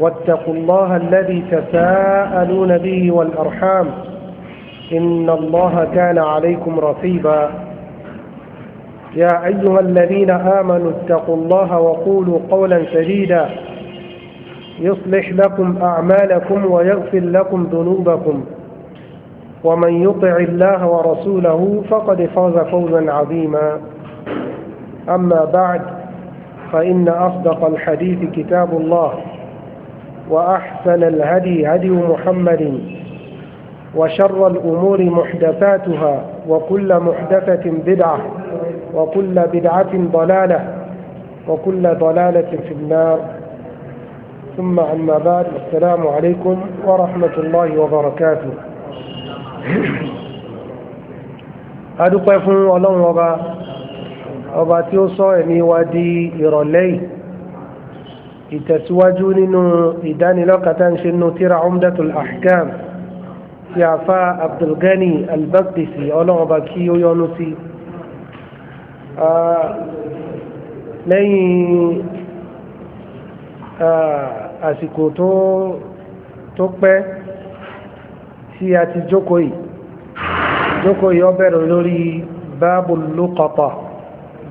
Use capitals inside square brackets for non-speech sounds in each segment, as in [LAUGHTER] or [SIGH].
واتقوا الله الذي تساءلون به والأرحام إن الله كان عليكم رقيبا يا أيها الذين آمنوا اتقوا الله وقولوا قولا سديدا يصلح لكم أعمالكم ويغفر لكم ذنوبكم ومن يطع الله ورسوله فقد فاز فوزا عظيما أما بعد فإن أصدق الحديث كتاب الله وأحسن الهدي هدي محمد وشر الأمور محدثاتها وكل محدثة بدعة وكل بدعة ضلالة وكل ضلالة في النار ثم عما بعد السلام عليكم ورحمة الله وبركاته قفوا الله وبا وبا تيوصوا اني ودي إيروليه ìtẹ̀síwájú nínú ìdánilọ́kàtà ń ṣe nínú tíra umdatul ahkam ti àfa abdulgani albaqdisi ọlọ́ọ̀ba kí ó yọ́nú sí lẹ́yìn àsìkò tó pẹ́ tí a ti jókòó yìí jókòó yìí ó bẹ̀rẹ̀ lórí báàbù lókọ̀pọ̀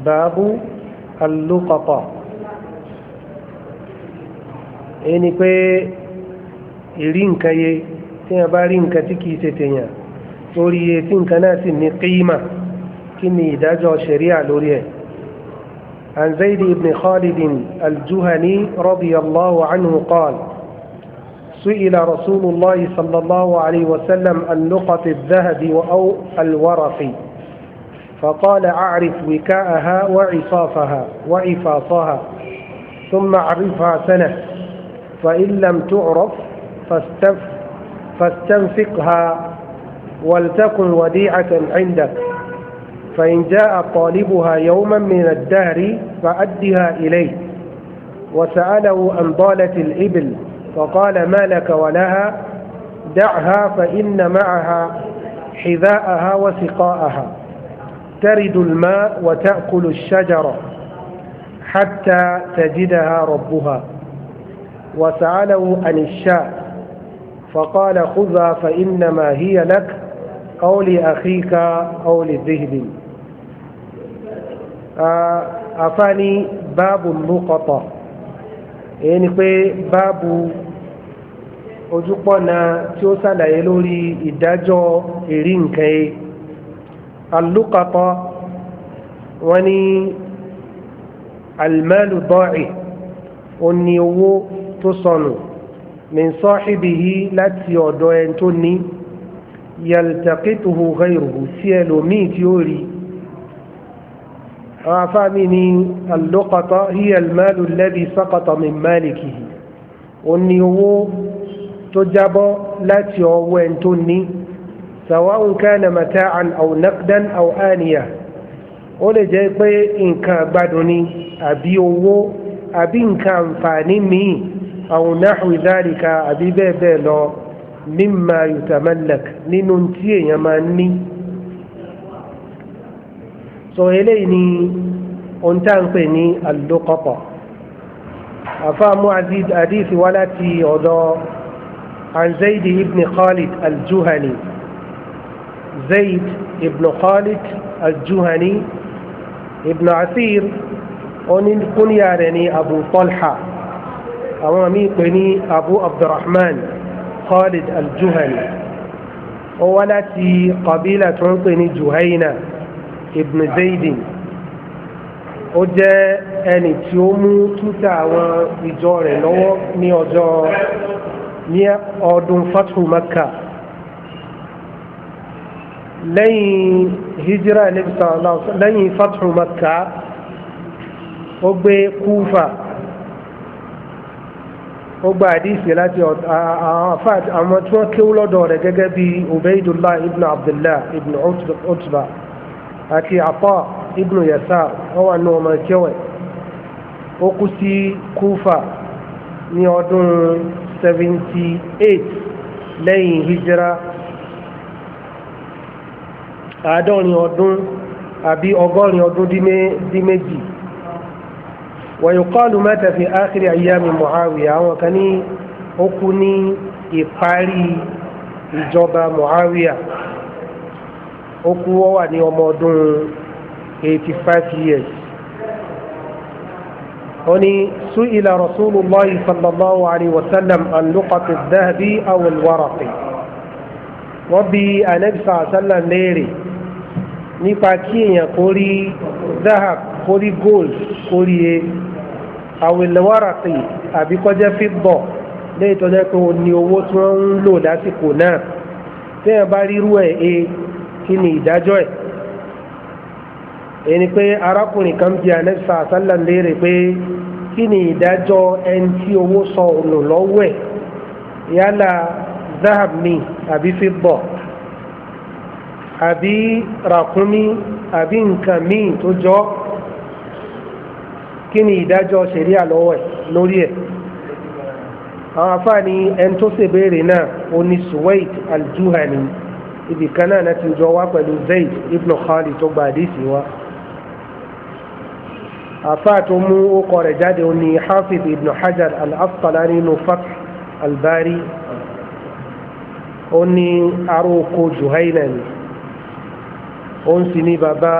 báàbù alókọ̀pọ̀ ẹni pé ìrí nǹkan yẹ tí a bá rí nǹkan tí kìí ṣe tèèyàn lórí iye tí nǹkan náà sì ní kíímà kí ni ìdájọ́ ṣẹ̀ríà lórí ẹ̀. عن زيد بن خالد الجهني رضي الله عنه قال سئل رسول الله صلى الله عليه وسلم عن لقط الذهب أو الورق فقال أعرف وكاءها وعصافها وعفاصها ثم عرفها سنة فإن لم تعرف فاستف فاستنفقها ولتكن وديعة عندك فإن جاء طالبها يوما من الدهر فأدها إليه وسأله أن ضالت الإبل فقال ما لك ولها دعها فإن معها حذاءها وسقاءها ترد الماء وتأكل الشجرة حتى تجدها ربها وسأله عن الشاء، فقال خذها فإنما هي لك أو لأخيك أو للذهب أفاني باب النقطة يعني باب ojúpọ̀nà tí ó ṣàlàyé lórí ìdájọ́ èrí nǹkan e alúkatọ́ wọ́n ní almalu dọ́ọ̀ì owó tó sọnù min sahibihi láti ọ̀dọ̀ ẹni tó ní yaltaqituhu ghayruhu sí ẹlòmíì tí ó rí àwọn afáàmì ní al-luqata hiya al-malu alladhi saqata min malikihi ó ní owó tó jábọ́ láti ọwọ́ ẹni tó ní sawa'un kana mata'an aw naqdan aw ó lè jẹ́ pé nǹkan àgbàdùn ni àbí owó àbí nǹkan àǹfààní míì أو نحو ذلك أبي بيلو مما يتملك لننتي يماني سو إليني أنتان قيني اللقطة أفهم عزيز أديث ولاتي أدو عن زيد ابن خالد الجهني زيد ابن خالد الجهني ابن عثير أن يكون يارني أبو طلحة àwọn míì pè ní abu abdulrahman khalid aljuhani ó wá láti kabila tó ń pè ní juhaina ibn zaydin ó jẹ́ ẹni tí ó mú túta àwọn ìjọ rẹ̀ lọ́wọ́ ní ọjọ́ ní ọdún fathu makka lẹ́yìn hijira nabi sallallahu lẹ́yìn fathu makka ó gbé kúfà ó gba àdìsí láti àwọn tí wọ́n kéwú lọ́dọ̀ rẹ̀ gẹ́gẹ́ bí ubaydullah ibn abdullah ibn utba àti afa ibn yasar wọ́n wà ní ọmọ kẹwẹ̀ ó kú sí kúfà ní ọdún seventy eight lẹ́yìn hijira àádọ́rin ọdún àbí ọgọ́rin ọdún dín méjì. ويقال مات في آخر أيام معاوية وكان أكني إقاري إجابة معاوية أكو وأني ومودون 85 years هني سئل رسول الله صلى الله عليه وسلم عن لقط الذهب أو الورق وبي النبي صلى الله عليه وسلم ليري nípa kí èèyàn kó rí zahab kó rí gold kó rí e àwìlẹ̀ wàràkì àbí kọjá fíbọ̀ léyìí tó jẹ́ pé o ní owó tí wọ́n ń lò lásìkò náà téèyàn bá rírú ẹ̀ e kí ni ìdájọ́ ẹ̀ ẹni pé arákùnrin kan bí anẹ́sà sálà léèrè pé kí ni ìdájọ́ ẹni tí owó sọ ọ̀nà lọ́wọ́ ẹ̀ yálà zahab ni àbí fíbọ̀ àbí ràkúnmí àbí nǹkan míì tó jọ́ ọ́ kí ni ìdájọ́ ṣẹ̀ríà lọ́wọ́ ẹ̀ lórí ẹ̀ àwọn afáàní ẹni tó ṣèbéèrè náà ó ní Suwaid al-Juhani ibì kan náà láti jọ wá pẹ̀lú Zayd ibn Khalid tó gba àdìsí wa afáà tó mú ókọ rẹ̀ jáde ó ní Hafiz ibn Hajar al-Asqalani nínú Fath al ó ní aróko Juhayna ó ń sin ní baba.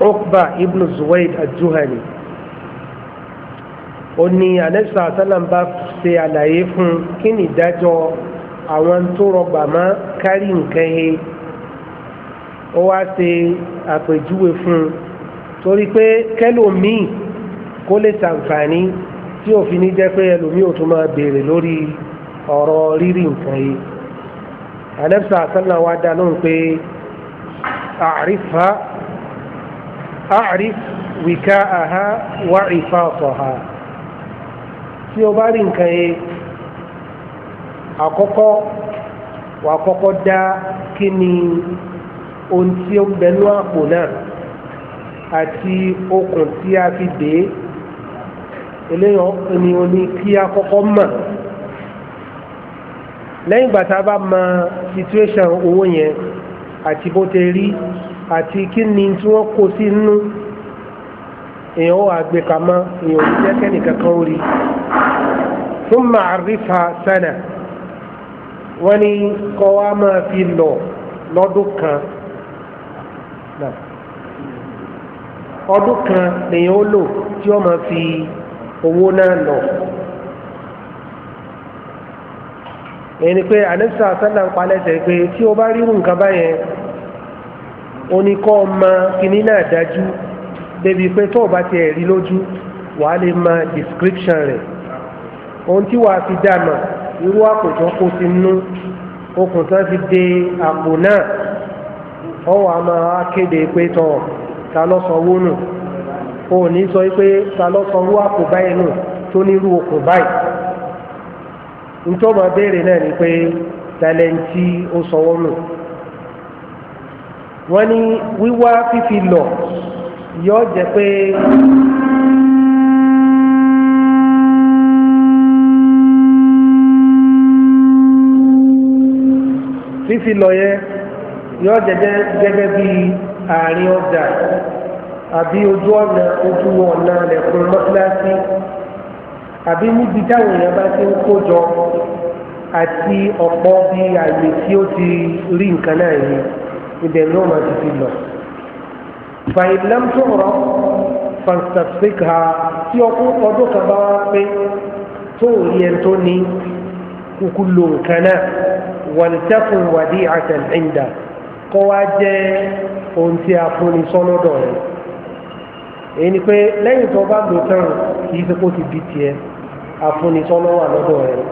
Uqba ibn Zuwaid al-Juhani ó ní anẹ́sà sálàmbá ṣe àlàyé fún kí ni ìdájọ́ àwọn tó rọgbà má kárí nǹkan he ó wá ṣe àpèjúwe fún torí pé kẹlòmíì kó lè ṣàǹfààní tí òfin ní jẹ́ pé ẹlòmíì ò tún máa béèrè lórí ọ̀rọ̀ rírì nǹkan yìí anẹ́sà wa dá lóhùn pé àrífà أعرف وكاءها وعفاطها tí o bá rí nǹkan yẹn àkọ́kọ́ wà kọ́kọ́ dá kí ni ohun tí ó bẹnu àpò náà àti okùn tí a fi dé eléyàn ni o ní kí a kọ́kọ́ mọ̀ lẹ́yìn ìgbà tá a bá mọ situation owó yẹn àti bó ti rí àti kí ni tí wọ́n kó sí inú èèyàn wà gbé pamọ́ èèyàn ò jẹ́ kẹ́nìkan kan ó rí fún màrífà sánà wọ́n ní kọ́ wa máa fi lọ lọ́dún kan ọdún kan lèèyàn ó lò tí wọ́n máa fi owó náà lọ. èyí ni pé àníṣà sánà ń palẹ̀ pé tí o bá rí nǹkan onikọ ma kìíní náà dájú débi pé tó o bá tiẹ̀ rí lójú wàá lè ma description rẹ̀ ohun tí wàá fi dànù irú àpò tó kó sí nú okùn tó fi de àpò náà ọwọ́ a ma kéde pé tọ̀ ta lọ nù o ní sọ pé ta lọ sọ owó àpò báyìí nù tó nírú okùn báyìí naa n'ipe béèrè náà ni pé ó nù. wọ́n ní wíwá fífi lọ yóò jẹ́ pé fífi lọ yẹ yóò jẹ́ gẹ́gẹ́ bí àárín ọjà àbí ojú ọ̀nà ojú ọ̀nà lẹ̀kùn mọ́tíláṣí àbí níbi táwọn èèyàn bá ti ń kó jọ àti ọ̀pọ̀ bí àyè tí ó ti rí nǹkan náà yìí ibẹ̀ ló máa ti fi lọ. fàyín lẹ́mtò rọ fàǹtàfíkà tí ọkùn ọdún kan bá wá pé tó rí ẹni tó ní kúkú lò nǹkan náà wàlítẹ́kùn wàdí àtẹ̀lẹ́ńdà kọ́ wá jẹ́ ohun tí a fún ni sọ́nọ́dọ̀ rẹ̀ èyí ni pé lẹ́yìn tó bá lò tán kì í ṣe kó ti di tiẹ̀ àfúnisọ́nà wà lọ́dọ̀ rẹ̀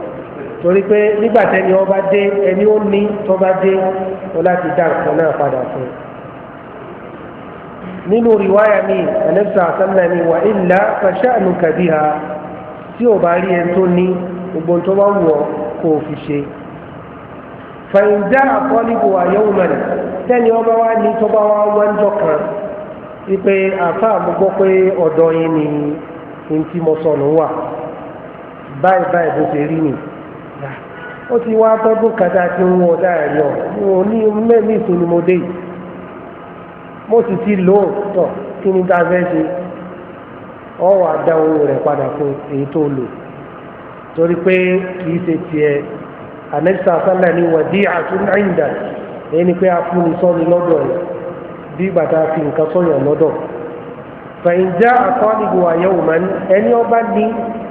torí pé nígbà tẹ́ni ọba dé ẹni ó ní tó bá dé ó láti dá nǹkan náà padà fún un nínú riwaya mi ẹlẹ́sà àtàlà ni wà ilà fàṣàánù kàbíhà tí ò bá rí ẹni tó ní gbogbo tó bá wù ọ kó o fi ṣe. fàyìndà àkọ́lìbò àyẹ̀wò mẹ́rin tẹ́ni ọba wa ní tó bá wá wá ń jọkàn wípé àfa mo pé ọ̀dọ̀ yín ni ní mo sọnù wà báyìí báyìí bó ṣe rí nìyí. ó ti wá tọ́dún kàtà tí ń wọ dáàrí ọ ní mẹ́mí ìsúnimọ̀dé yìí mo sì ti lò ó tọ̀ kí ni ká fẹ́ ṣe ọ wà dá owó rẹ̀ padà fún èyí tó lò torí pé kì í ṣe tiẹ̀ anẹ́sà sálà ni wàdí àtúnáìndà èyí ni pé afúnisọ́ni lọ́dọ̀ rẹ̀ bí bàtà fi nǹkan sọ̀yàn lọ́dọ̀ fẹ̀yìndà àtọ́nìbò àyẹ̀wò mọ́ni ẹni ọba ní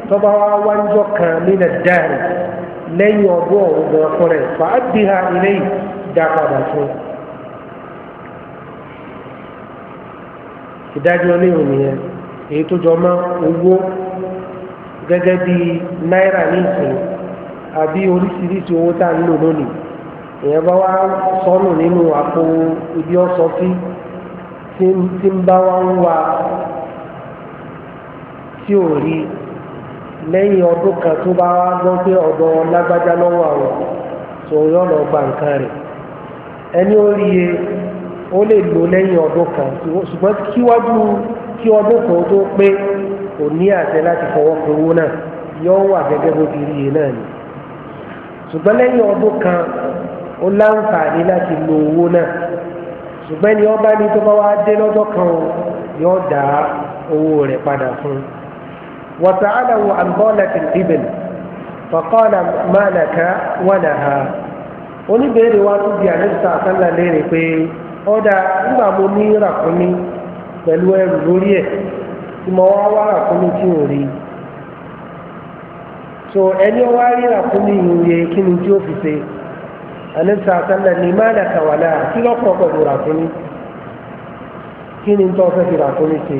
tọ́ba wa wájọ́ kan nínú dáàrí. lẹ́yìn ọdún ọ̀hún gan fún rẹ̀ fàábì ha ilé yìí dá padà fún un. ìdájọ́ ní òní èyí tó jọ mọ́ owó gẹ́gẹ́ bí náírà ní àbí oríṣiríṣi owó tá à ń lò lónìí èèyàn bá wá sọnù nínú àpò ibi wa tí lẹ́yìn ọdún kan tó bá wá gbọ́ pé ọ̀dọ̀ lágbájá lọ́wọ́ àwọn tó yọ̀ lọ gba nǹkan rẹ̀ ẹni ó rí e ó lè lò lẹ́yìn ọdún kan ṣùgbọ́n kíwájú kí ọdún kan tó pé kò ní àṣẹ láti fọwọ́ pé owó náà yọ wà gẹ́gẹ́ bó ti rí e náà ni ṣùgbọ́n lẹ́yìn ọdún kan ó láǹfààní láti lo owó náà ṣùgbọ́n ẹni ọba ní tó bá wá dé lọ́jọ́ kan yọ dá owó rẹ̀ padà fún un. وسأله عن ضالة الإبل فقال ما لك ولها oníbèrè wa tún di àlẹ́sà àtàlà léèrè pé ọ̀dà nígbà mo ní ràkúnmí pẹ̀lú ẹrù lórí ẹ̀ tí mo wá wá ràkúnmí tí ò rí so ẹni ọwá rí ràkúnmí ìhòòyè kí ni tí ó fi ṣe àlẹ́sà àtàlà ní má làkàwàlà kí lọ́kọ̀ pẹ̀lú ràkúnmí kí ni tó fẹ́ fi ràkúnmí ṣe.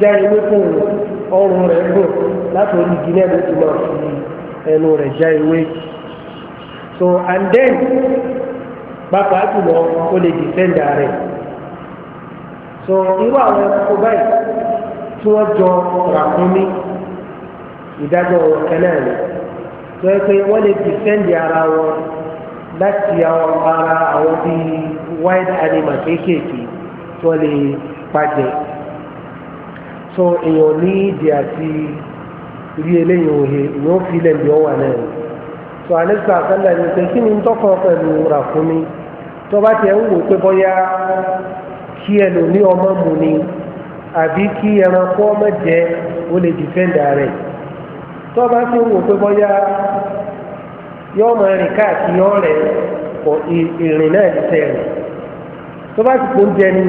já ewé fún ọrùn rẹ̀ gùn látòrí igi náà ló ti máa fi ẹnu rẹ̀ já ewé so and then bàbá jùlọ ó lè defend ààrẹ so irú àwọn ẹranko báyìí tí wọ́n jọ ràkúnmí ìdájọ́ wọn kan náà ni tó yẹ pé wọ́n lè defend ara wọn láti àwọn ara àwọn bíi wild animal kéékèèké tí wọ́n lè pàjẹ́ so èèyàn ní ìdí àti rí eléyìí òhe ìyẹn fi ilẹ̀ ọ̀wà náà so anisa akanda ni pé kí ni ń tọkàn pẹ̀lú ràkúnmí tó bá tiẹ̀ ń wò pé bóyá kí ẹlòmí ọmọ mu ni àbí kí ẹranko ọmọ jẹ ó lè dìfẹ́ǹdà rẹ̀ tó bá ti ń wò pé bóyá yọ ọmọ rìn káàkiri ọ̀rẹ́ ìrìn náà ti tẹ̀ tó bá ti kó ń jẹ ni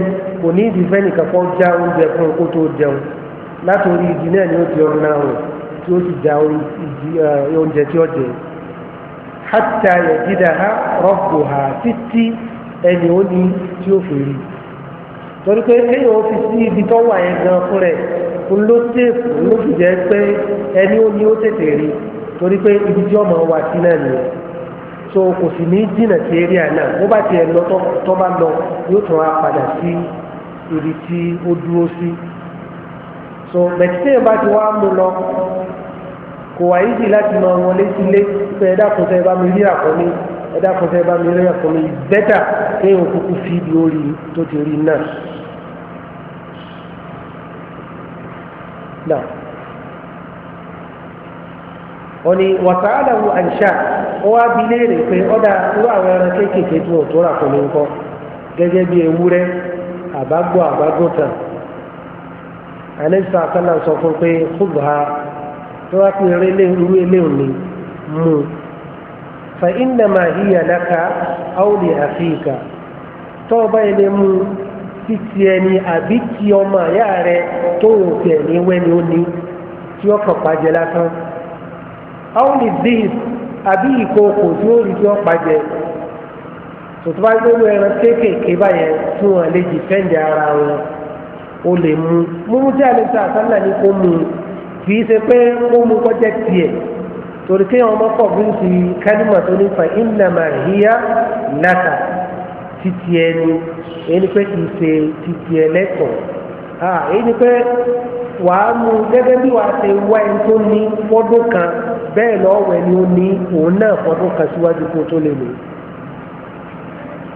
kò ní ìdí fẹ́ nìkan kọ́ já oúnjẹ fún kó tó jẹun látòrí ìdí náà ni ó di ọ̀run náà rẹ̀ tí ó sì já oúnjẹ tí ó jẹ hátà yẹ̀dídà ha rọ́pò ha títí ẹni ó ní tí ó fèrè torí pé kéèyàn ó fi sí ibi tó wà yẹn gan fún rẹ̀ ń ló tèèfù ló fi jẹ́ pé ẹni ó ní ó tètè rí torí pé ibi tí ọmọ wa sí náà nìyẹn so kò sì ní jìnnà sí eré àná bó bá tiẹ̀ lọ tó bá lọ yóò tún á padà sí ibi tí ó dúró sí so bẹ̀tíṣẹ́ bá ti wá mú lọ kò wá yíjì láti máa wọlé sílé pé ẹ̀dá kan tẹ́ bá mi rí àkọ́ni ẹ̀dá kan bá mi rí àkọ́ni bẹ́tà kéèyàn kúkú fi ibi orí tó ti rí náà. oni wataala Aisha, ansha wa bilere pe oda wa wa na keke ke tu tora ko ni ko gege bi ewure abagbo abagota alisa kala so ko pe khudha to ati re le ru ele oni mu fa inna ma hiya laka aw li akhika to ba ele mu titi eni abiti oma yare to o ke ni weni oni ti o ka pa je lasan àwọn lè dé àbí ìkòkò tí ó rí tí wọ́n pàjẹ́ tòtò bá gbé ẹran kéékèèké báyẹn tí wọ́n lè jì fẹ́ǹdì ara wọn o lè mú mímú tí a lè ta àtàlà ní kó mú kì í ṣe pé kó mú kọjá tiẹ̀ torí kí wọn n ti kálímà tó nípa ìnàmà híyá nàkà títí ẹni ẹni pé kì í ṣe títí ẹlẹ́kọ̀ọ́ ẹni pé wàá mú gẹ́gẹ́ bí wàá ṣe wá ẹni bẹ́ẹ̀ lọ́wọ́ ẹni ó ní òun náà fọdún kan síwájú kó tó lè lò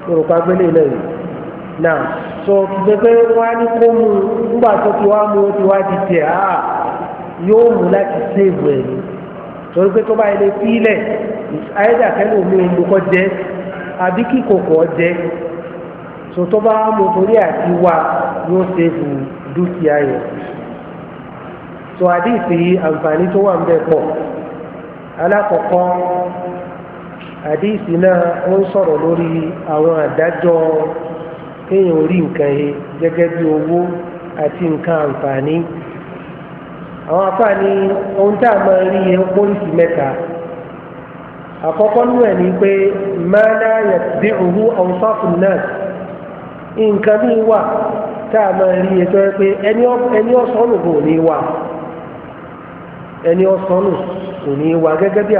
òrùka gbélé lẹ́yìn náà sọ pé wọ́n á ní kó mu nígbà tó ti wá mu ó ti wá di tiẹ̀ á yóò mú láti séèbù ẹ̀ ní torí pé tó bá yẹ lè fi ilẹ̀ ayédàkẹ́lẹ́ omi olùkọ́ jẹ́ àbí kí kòkò jẹ́ so tó bá mu torí àti wá yóò séèbù dúkìá yẹn so àdìsí àǹfààní tó wà ń bẹ pọ̀. alákọ̀ọ́kọ́ àdíìsì náà na ń sọ̀rọ̀ lórí àwọn àdájọ́ kéèyàn orí nǹkan he gẹ́gẹ́ bí nka àti nǹkan àǹfààní àwọn àǹfààní ohun tá a máa rí yẹn pólísì mẹ́ta àkọ́kọ́ nínú ẹ̀ ni pé mọ́lá yàtúndé òhu ọ̀nsáfù náà nǹkan mi wà tá a máa rí yẹn tó yẹ pé ẹni ọ̀sán ẹni ọ̀sán nù kò ní wà gẹ́gẹ́ bí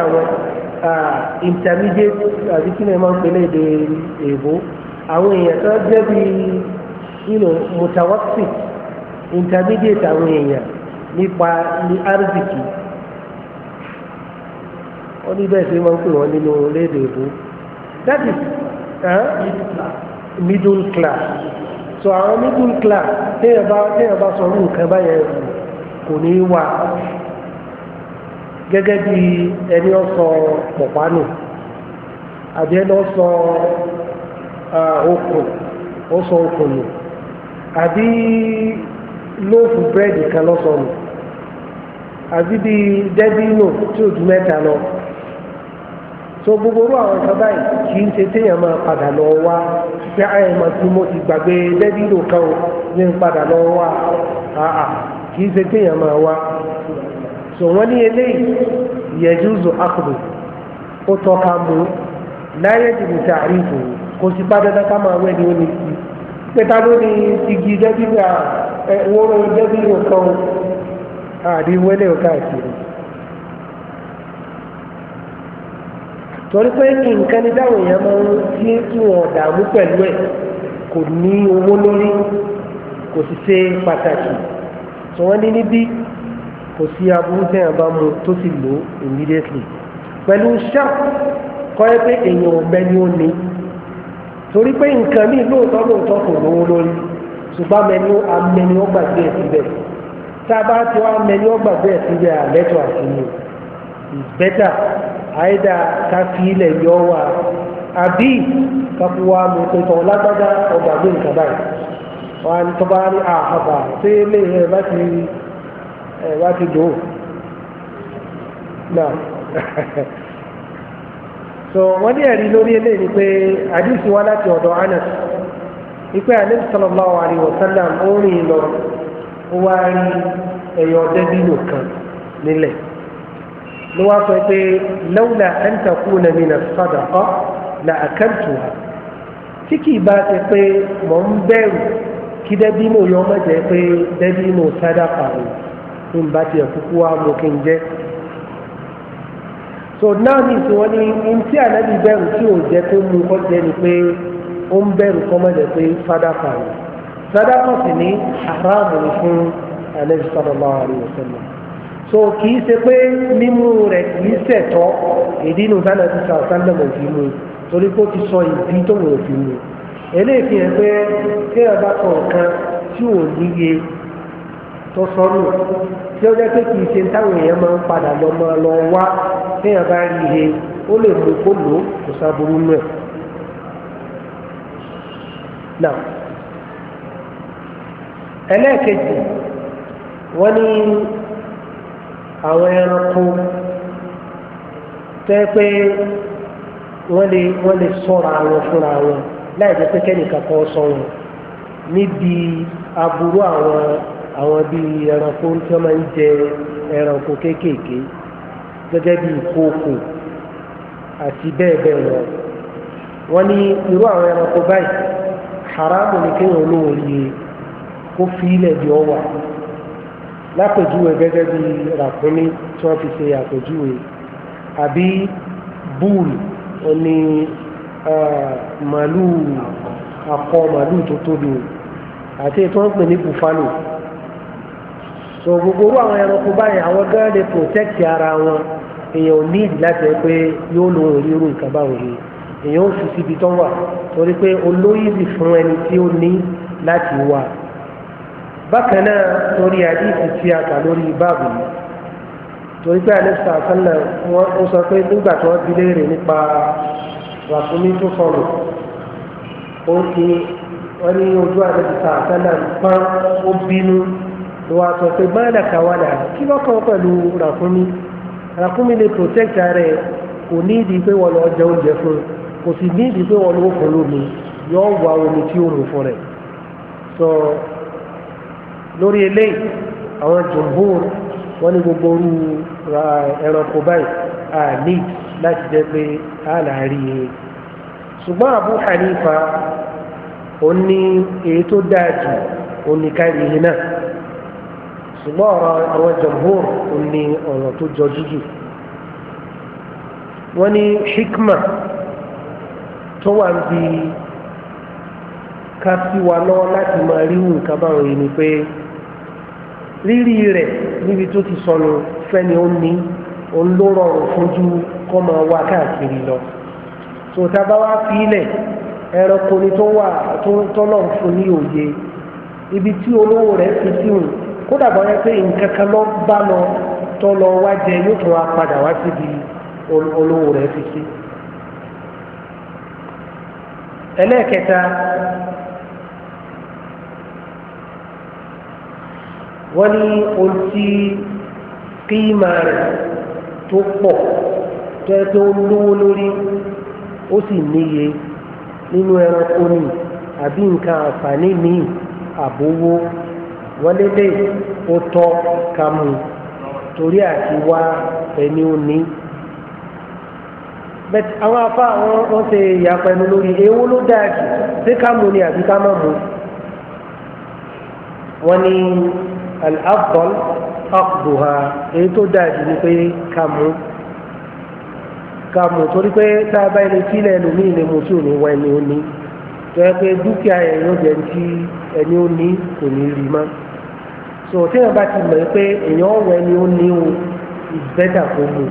intermediate àbí kí ni ẹ máa ń pèlè èdè èèbó àwọn èèyàn tó jẹ́ bí intermediate àwọn èèyàn nípa ní arziki wọ́n ní bẹ́ẹ̀ sí máa ń pè wọ́n nínú léde that is middle class so àwọn middle class téèyàn bá téèyàn bá sọ orú nǹkan báyẹn kò ní í gẹ́gẹ́ bí ẹni ọsọ pọ̀pánù àbí ẹni ọ̀sọ̀ okùn okùn nù àbí lóòfù búrẹ́dì kan lọ́sọ̀ nù àbí bí dẹ́bínù tí mẹ́ta lọ so gbogbo orú àwọn ìjọba yìí kì í ṣe téèyàn máa padà lọ wá pé àyẹ̀mọ̀ tí mo ti gbàgbé dẹ́bínù kan ní padà lọ wá kì í ṣe téèyàn máa wá. so wọ́n ní eléyìí yẹjúzù akhdhu ó tọ́ka mú láyé jìbù tààrífù kò sí pádádá ká máa wẹ́ni ó ní sí pẹ́tà ló ní igi dẹ́bí ní àwòrán dẹ́bí nǹkan àdí wẹ́lẹ̀ káàkiri torí pé nǹkan ní dáhùn èèyàn máa ń tí kí wọn dààmú pẹ̀lú ẹ̀ kò ní owó lórí kò sì ṣe pàtàkì tí wọ́n ní níbí kò sí aburú tẹ̀yàn bá mu tó sì lò immediately pẹ̀lú sharp kọ́ ẹ pé èèyàn ọ̀bẹ ni ó ní torí pé nǹkan míì lóòótọ́ lóòótọ́ kò lówó lórí ṣùgbọ́n mẹni amẹni ó gbàgbé ẹ̀ síbẹ̀ tá a bá ti wá amẹni ó gbàgbé ẹ̀ síbẹ̀ àlẹ́tọ̀ àti mi is better àìdá ká fi ilẹ̀ yọ wá àbí kakú wa mo pé tọ̀ lágbádá ọgbàgbé nǹkan báyìí wọn tọ́ba ní àhàbà tí ẹ̀ bá ti rí i ẹ̀ wá ti [LAUGHS] so wọ́n ní ẹ̀rí lórí eléyìí ni pé àdìsí wá láti ọ̀dọ̀ Anas ipe Ànábì sallallahu alaihi wasallam ó rìn lọ ó wá rí ẹ̀yọ̀ dẹ́bìnù kan nílẹ̀ ló wá sọ pé lawla an takuna mina sadaqa la akaltuha tí kì í bá ti pé mò ń bẹ̀rù kí dẹ́bìnù yọ ọmọ jẹ́ pé dẹ́bìnù sadaqa rẹ̀ kí n bá tiẹ̀ kúkú wá mo kí n jẹ́ so náà ní ìsìnwọ́n ní n tí ànábì bẹ̀rù tí ò jẹ́ kó mu kọ́ jẹ́ ni pé ó ń bẹ̀rù kọ́ mọ́lẹ̀ pé sádàkà ni sádàkà sì ní àràmù fún ànábì sallallahu alaihi wasallam so kì í ṣe pé mímú rẹ̀ kì í ṣẹ̀tọ́ ìdí inú sálẹ̀ ti sàn sálẹ̀ mọ̀ fi mu torí kó ti sọ ìdí tó wọ̀ fi mu eléyìí fi hàn pé kéèyàn bá kọ̀ ọ̀kan tí ò níye tó sọnù tí ó jẹ́ pé kì í ṣe táwọn èèyàn máa ń padà lọ máa lọ wá téèyàn bá rí ihe ó lè mú kó lò ó kò sábúrú nù ẹ̀. ẹlẹ́ẹ̀kejì wọ́n ní àwọn ẹranko tẹ́ pé wọ́n lè wọ́n lè sọ̀rọ̀ àwọn fúnra wọn láì jẹ́ pé kẹ́nìkan kan sọ níbi aburú àwọn àwọn bíi ẹranko tí wọ́n máa ń jẹ ẹranko kéékèèké gẹ́gẹ́ bíi ìkookò àti bẹ́ẹ̀ bẹ́ẹ̀ lọ wọ́n ní irú àwọn ẹranko báyìí haramu ni kéèyàn olóhùn yìí e kó fi ilẹ̀ bí ọ wà lápèjúwe gẹ́gẹ́ bí ràkúnmí tí wọ́n fi ṣe àpèjúwe àbí búùlù oní màálù akọ màálù tó tóbi àti ètò wọn pè ní bùfálò so gbogbo owó àwọn ẹranko báyìí àwọn gan lè protect ara wọn èèyàn ò need láti ẹ pé yóò lo onírú nǹkan báwo yìí èèyàn ó fi síbi tó wà torí pé olóyìnbí fún ẹni tí ó ní láti wà bákan náà torí àdìsí tí a kà lórí báàbù yìí torí pé àlẹ́sà sálẹ̀ wọ́n ó sọ pé nígbà tí wọ́n bi léèrè nípa ràkúnmí tó sọnù ó ní wọ́n ní ojú àlẹ́sà sálẹ̀ pọ́n ó bínú wà á sọ pé máàlà kàwálà kí ló kàn pẹ̀lú ràkúnmí ràkúnmí lè protect ara ẹ̀ kò ní ìdí pé wọ́n lọ jẹ oúnjẹ fún kò sì ní ìdí pé wọ́n lọ fún lómi yọ wà omi tí ó mú fún rẹ̀ sọ lórí eléyìí àwọn jùmbùn wọ́n ní gbogbo orú ẹranko báyìí a láti jẹ́ pé a láàrí e ṣùgbọ́n Abu Hanifa ó èyí tó dáa jù ó ní káyìí náà ṣùgbọ́n ọ̀rọ̀ àwọn jọ̀mbóòr ní ọ̀rọ̀ tó jọjú jù wọ́n ní hikma tó wà ń bi ká sí wa lọ́wọ́ láti máa ríwù nǹkan báwọn yìí ni pé rírí rẹ̀ níbi tó ti sọnù fẹ́ni ó ní òun ló rọrùn fojú kọ́ máa wá káàkiri lọ tó tá bá wá fílẹ̀ ẹranko ni tó wà tó lọ́n fún ní òye ibi tí olówó rẹ̀ fi síhùn kódà bọ́ yẹn pé nǹkan kan lọ bá lọ tọ́ lọ wá jẹ yóò tún wá padà wá síbi olówó rẹ̀ fi sí. ẹlẹ́ẹ̀kẹta wọ́n ní ohun tí kíímà rẹ̀ tó pọ̀ tó yẹ pé ó lówó lórí ó sì níye nínú ẹranko ni àbí nǹkan àǹfààní míì àbówó. wọ́n lédè ó tọ́ ká mú torí àti wá ẹni ó ní. bẹ́ẹ̀ àwọn afá wọ́n ṣe ìyàpẹ̀nu lórí èwo ló dáa jù ṣé ká mú ni àbí ká má mú. wọ́n ní al-afdal aqduha èyí tó dáa jù ni pé ká mú ká mú torí pé tá a bá ẹni sílẹ̀ ẹlòmíì ni mo sì ní wá ẹni ó ní tọ́ ẹ pé dúkìá ẹ̀yìn jẹ́ ti ẹni ó ní kò ní rí mọ́. so téèyàn bá ti mọ̀ pé èèyàn ọ̀wọ́ ẹni ó ní o is better kó mu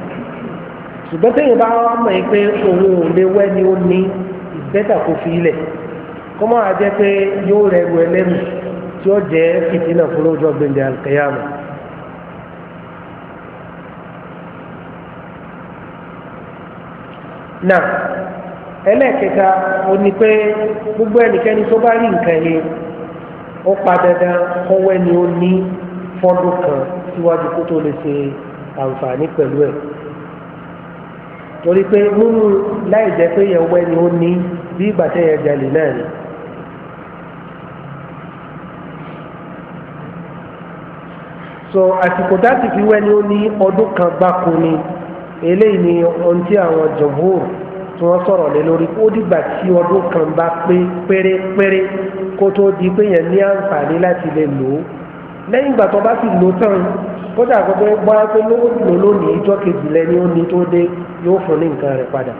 ṣùgbọ́n téèyàn bá wà mọ̀ pé òun ò lè wẹ́ ni ó ní is better kó fi ilẹ̀ kó má wàá pé yóò rẹ̀rù ẹlẹ́rù tí ó jẹ́ fìtínà fún àlùkẹ́yàmù. gbogbo ẹnikẹ́ni ó pa dandan kó wẹ́ni ó ní fọ́dún kan síwájú kó tó lè ṣe àǹfààní pẹ̀lú ẹ̀ torí pé múnú láì jẹ́ pé yẹn wẹ́ni ó ní bí ìgbà tẹ́yẹ̀ jalè náà ni. so àsìkò dáàtì fi wẹ́ni ó ní ọdún kan gbáko ni eléyìí ni ohun tí àwọn jọ̀bú tí wọ́n sọ̀rọ̀ lé lórí ó dìgbà tí ọdún kan bá pé pérépéré kó tó di pé yẹn ní àǹfààní láti lè lò ó lẹ́yìn ìgbà tó bá sì lò tán kódà àkọ́kọ́ gbọ́ pé ló lò lónìí ìjọ kejì lẹ́ni ó ní tó dé yóò fún ní nǹkan rẹ̀ padà.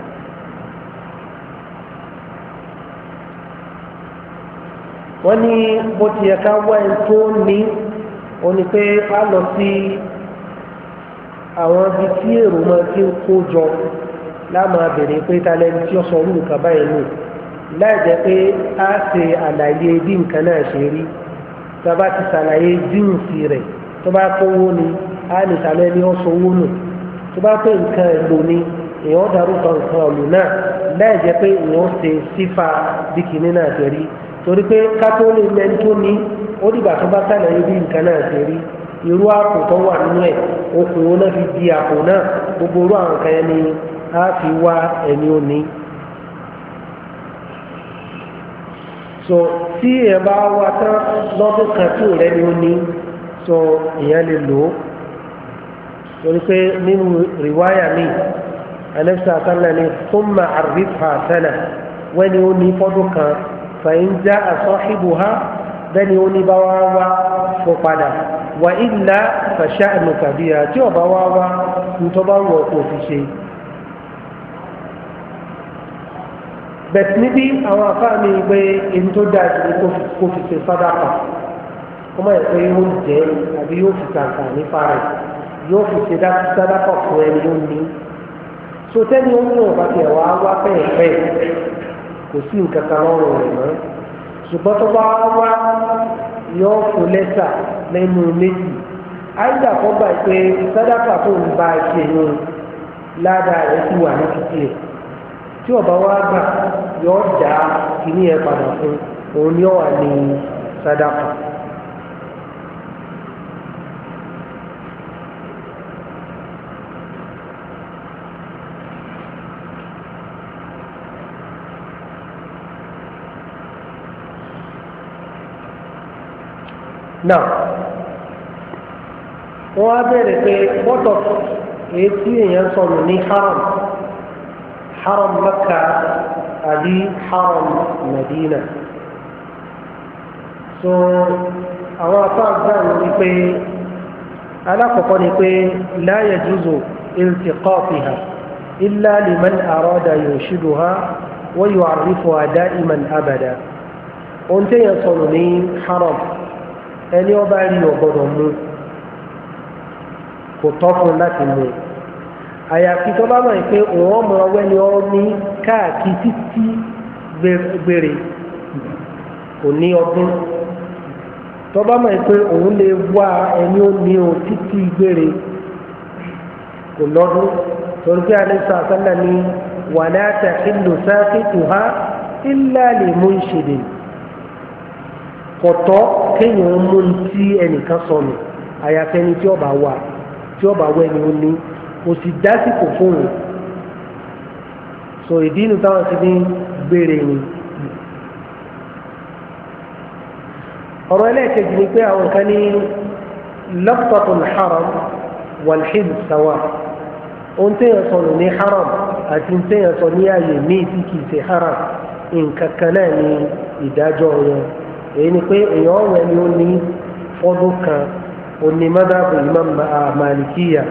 wọ́n ní bó ti yẹ ká wá ẹni tó ní ó ní pé a lọ sí àwọn ibi tí èrò máa ti ń kó jọ láàmú abèrè pé talẹ́ tí ó sọ orú nǹkan báyìí nù láì jẹ́ pé a ṣe àlàyé bí nǹkan náà ṣe rí tá a bá ti ṣàlàyé jíǹsì rẹ̀ tó bá pé owó ni a lè ṣàlẹ́ ní ọ̀sán owó nù tó bá pé nǹkan èlò ni èèyàn darúkọ nǹkan ọ̀lù náà láì jẹ́ pé èèyàn ṣe sífà bí kìíní náà ṣe rí torí pé kátólì mẹ́ni tó ní ó dìgbà tó bá ṣàlàyé bí nǹkan náà ṣe rí irú àpò tó wà nínú ẹ̀ okùn ni á fi wá ẹni ó ní. so tí ẹ bá wá tán lọ́dún kan tí ò rẹ́ni ó ní so ìyẹn lè lò ó torí pé nínú rìwáyà mi anabisa sanna ni thumma arrifha sana wẹ́ni ó ní fọ́dún kan fàyín já àsọ́hìbù ha bẹ́ni ó ní bá wá wá fò padà wà ìlà fàṣà àmì kàbíyà tí ọba wá wá ntọ́ bá wọ̀ kò fi ṣe. bẹ̀t níbi àwọn afáàmì pé èyí tó dáa jù fi ṣe sàdákà kó má yẹ pé yóò jẹ́ àbí yóò fi kàǹkà nípa rẹ̀ yóò fi ṣe sàdákà fún ẹni ó ní. sotẹ́ni ó ní ọ̀bá tiẹ̀ wá wá pẹ́ẹ́pẹ́ kò sí nǹkan kan lọ́rùn rẹ̀ mọ́ ṣùgbọ́n tó bá wá yóò fò lẹ́sà lẹ́nu méjì pé tó ń bá ṣe ládàá tí ọba wa gbà yọ dá kìíní yẹn padà fún òun ni ó wà ní sádàkà. now wọ́n á bẹ̀rẹ̀ pé bọ́tọ̀ èyí tí èèyàn sọnù ní haram حرم Mẹ́kà àbí حرم Mẹ́dínà so àwọn afáàgbà ní pé alákọ̀ọ́kọ́ ni pé la yajuzu iltiqafiha illa liman arada yushidduha wa yu'arrifuha da'iman abada ohun téèyàn sọnù ní haram ẹni ọba rí ọgbọ́dọ̀ mú kò tọ́ fún láti mú àyàfi tó bá mọ̀ pé òun ọmọ ọwẹ́ ni ọ ní káàkiri títí gbèrè kò ní ọdún tó bá mọ̀ pé òun lè wá ẹni ó o títí gbèrè kò lọ́dún torí pé alẹ́ sọ àtàlà ni wàlẹ́ àtàkìlù ha lè mú ìṣèlè kọ̀tọ́ kéèyàn mú ti ẹnìkan sọnù àyàfi ẹni tí ọba wà tí ọba wẹ́ ni ó ní. kò sì dásìkò fún un so ìdí inú táwọn ti ní gbére ni. ọ̀rọ̀ ẹlẹ́ẹ̀kejì ni pé àwọn kan ní lọ́pọ̀tún haram wàlhìn sawa ohun téèyàn sọ ní haram àti téèyàn sọ ní ààyè míì tí kìí haram nǹkan kan náà ni ìdájọ́ wọn èyí ni pé èèyàn ọ̀rọ̀ ẹni ó ní fọ́dún kan onímọ̀dàbọ̀ ìmọ̀ màlìkíyà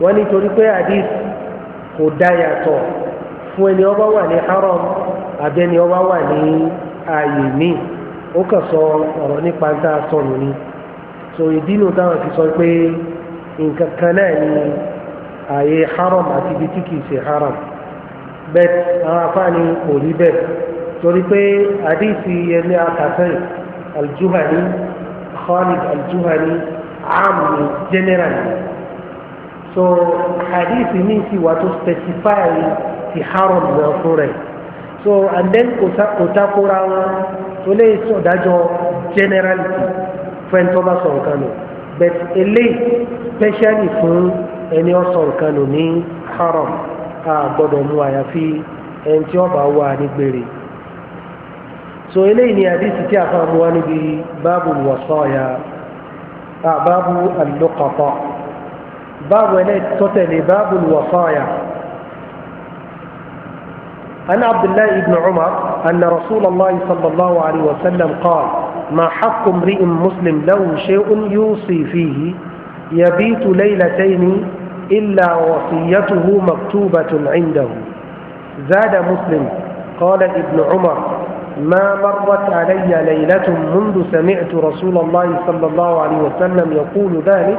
wọ́n ní torí pé hadith kò dá yàtọ̀ fún ẹni ọba wà ní haram àbí ẹni ọba wà ní ààyè míì ó kàn sọ ọ̀rọ̀ nípa tá a sọnù ni so ìdí inú táwọn fi sọ pé nǹkan kan náà ni ààyè haram àti ibi tí kìí ṣe haram bẹ́ẹ̀ àwọn afáàní kò rí bẹ́ẹ̀ torí pé àdìsí ẹni àkàtàn aljuhani Khalid aljuhani àmì general ni so hadith mi ti wà tó specify ti haram náà fún so and then kò takora wọn so lè sọdájọ generality fún ẹni tó bá sọ but eléyìí specially fún any ó sọ nǹkan nù ní haram a gbọ́dọ̀ mú àyàfi ẹni tí ó bá wà ní gbére so eléyìí ni hadith tí a fa mu wá níbi báàbù wọ̀sọ̀ ya báàbù al-luqata. باب ولاية تتلي باب الوصايا عن عبد الله بن عمر أن رسول الله صلى الله عليه وسلم قال ما حق امرئ مسلم له شيء يوصي فيه يبيت ليلتين إلا وصيته مكتوبة عنده زاد مسلم قال ابن عمر ما مرت علي ليلة منذ سمعت رسول الله صلى الله عليه وسلم يقول ذلك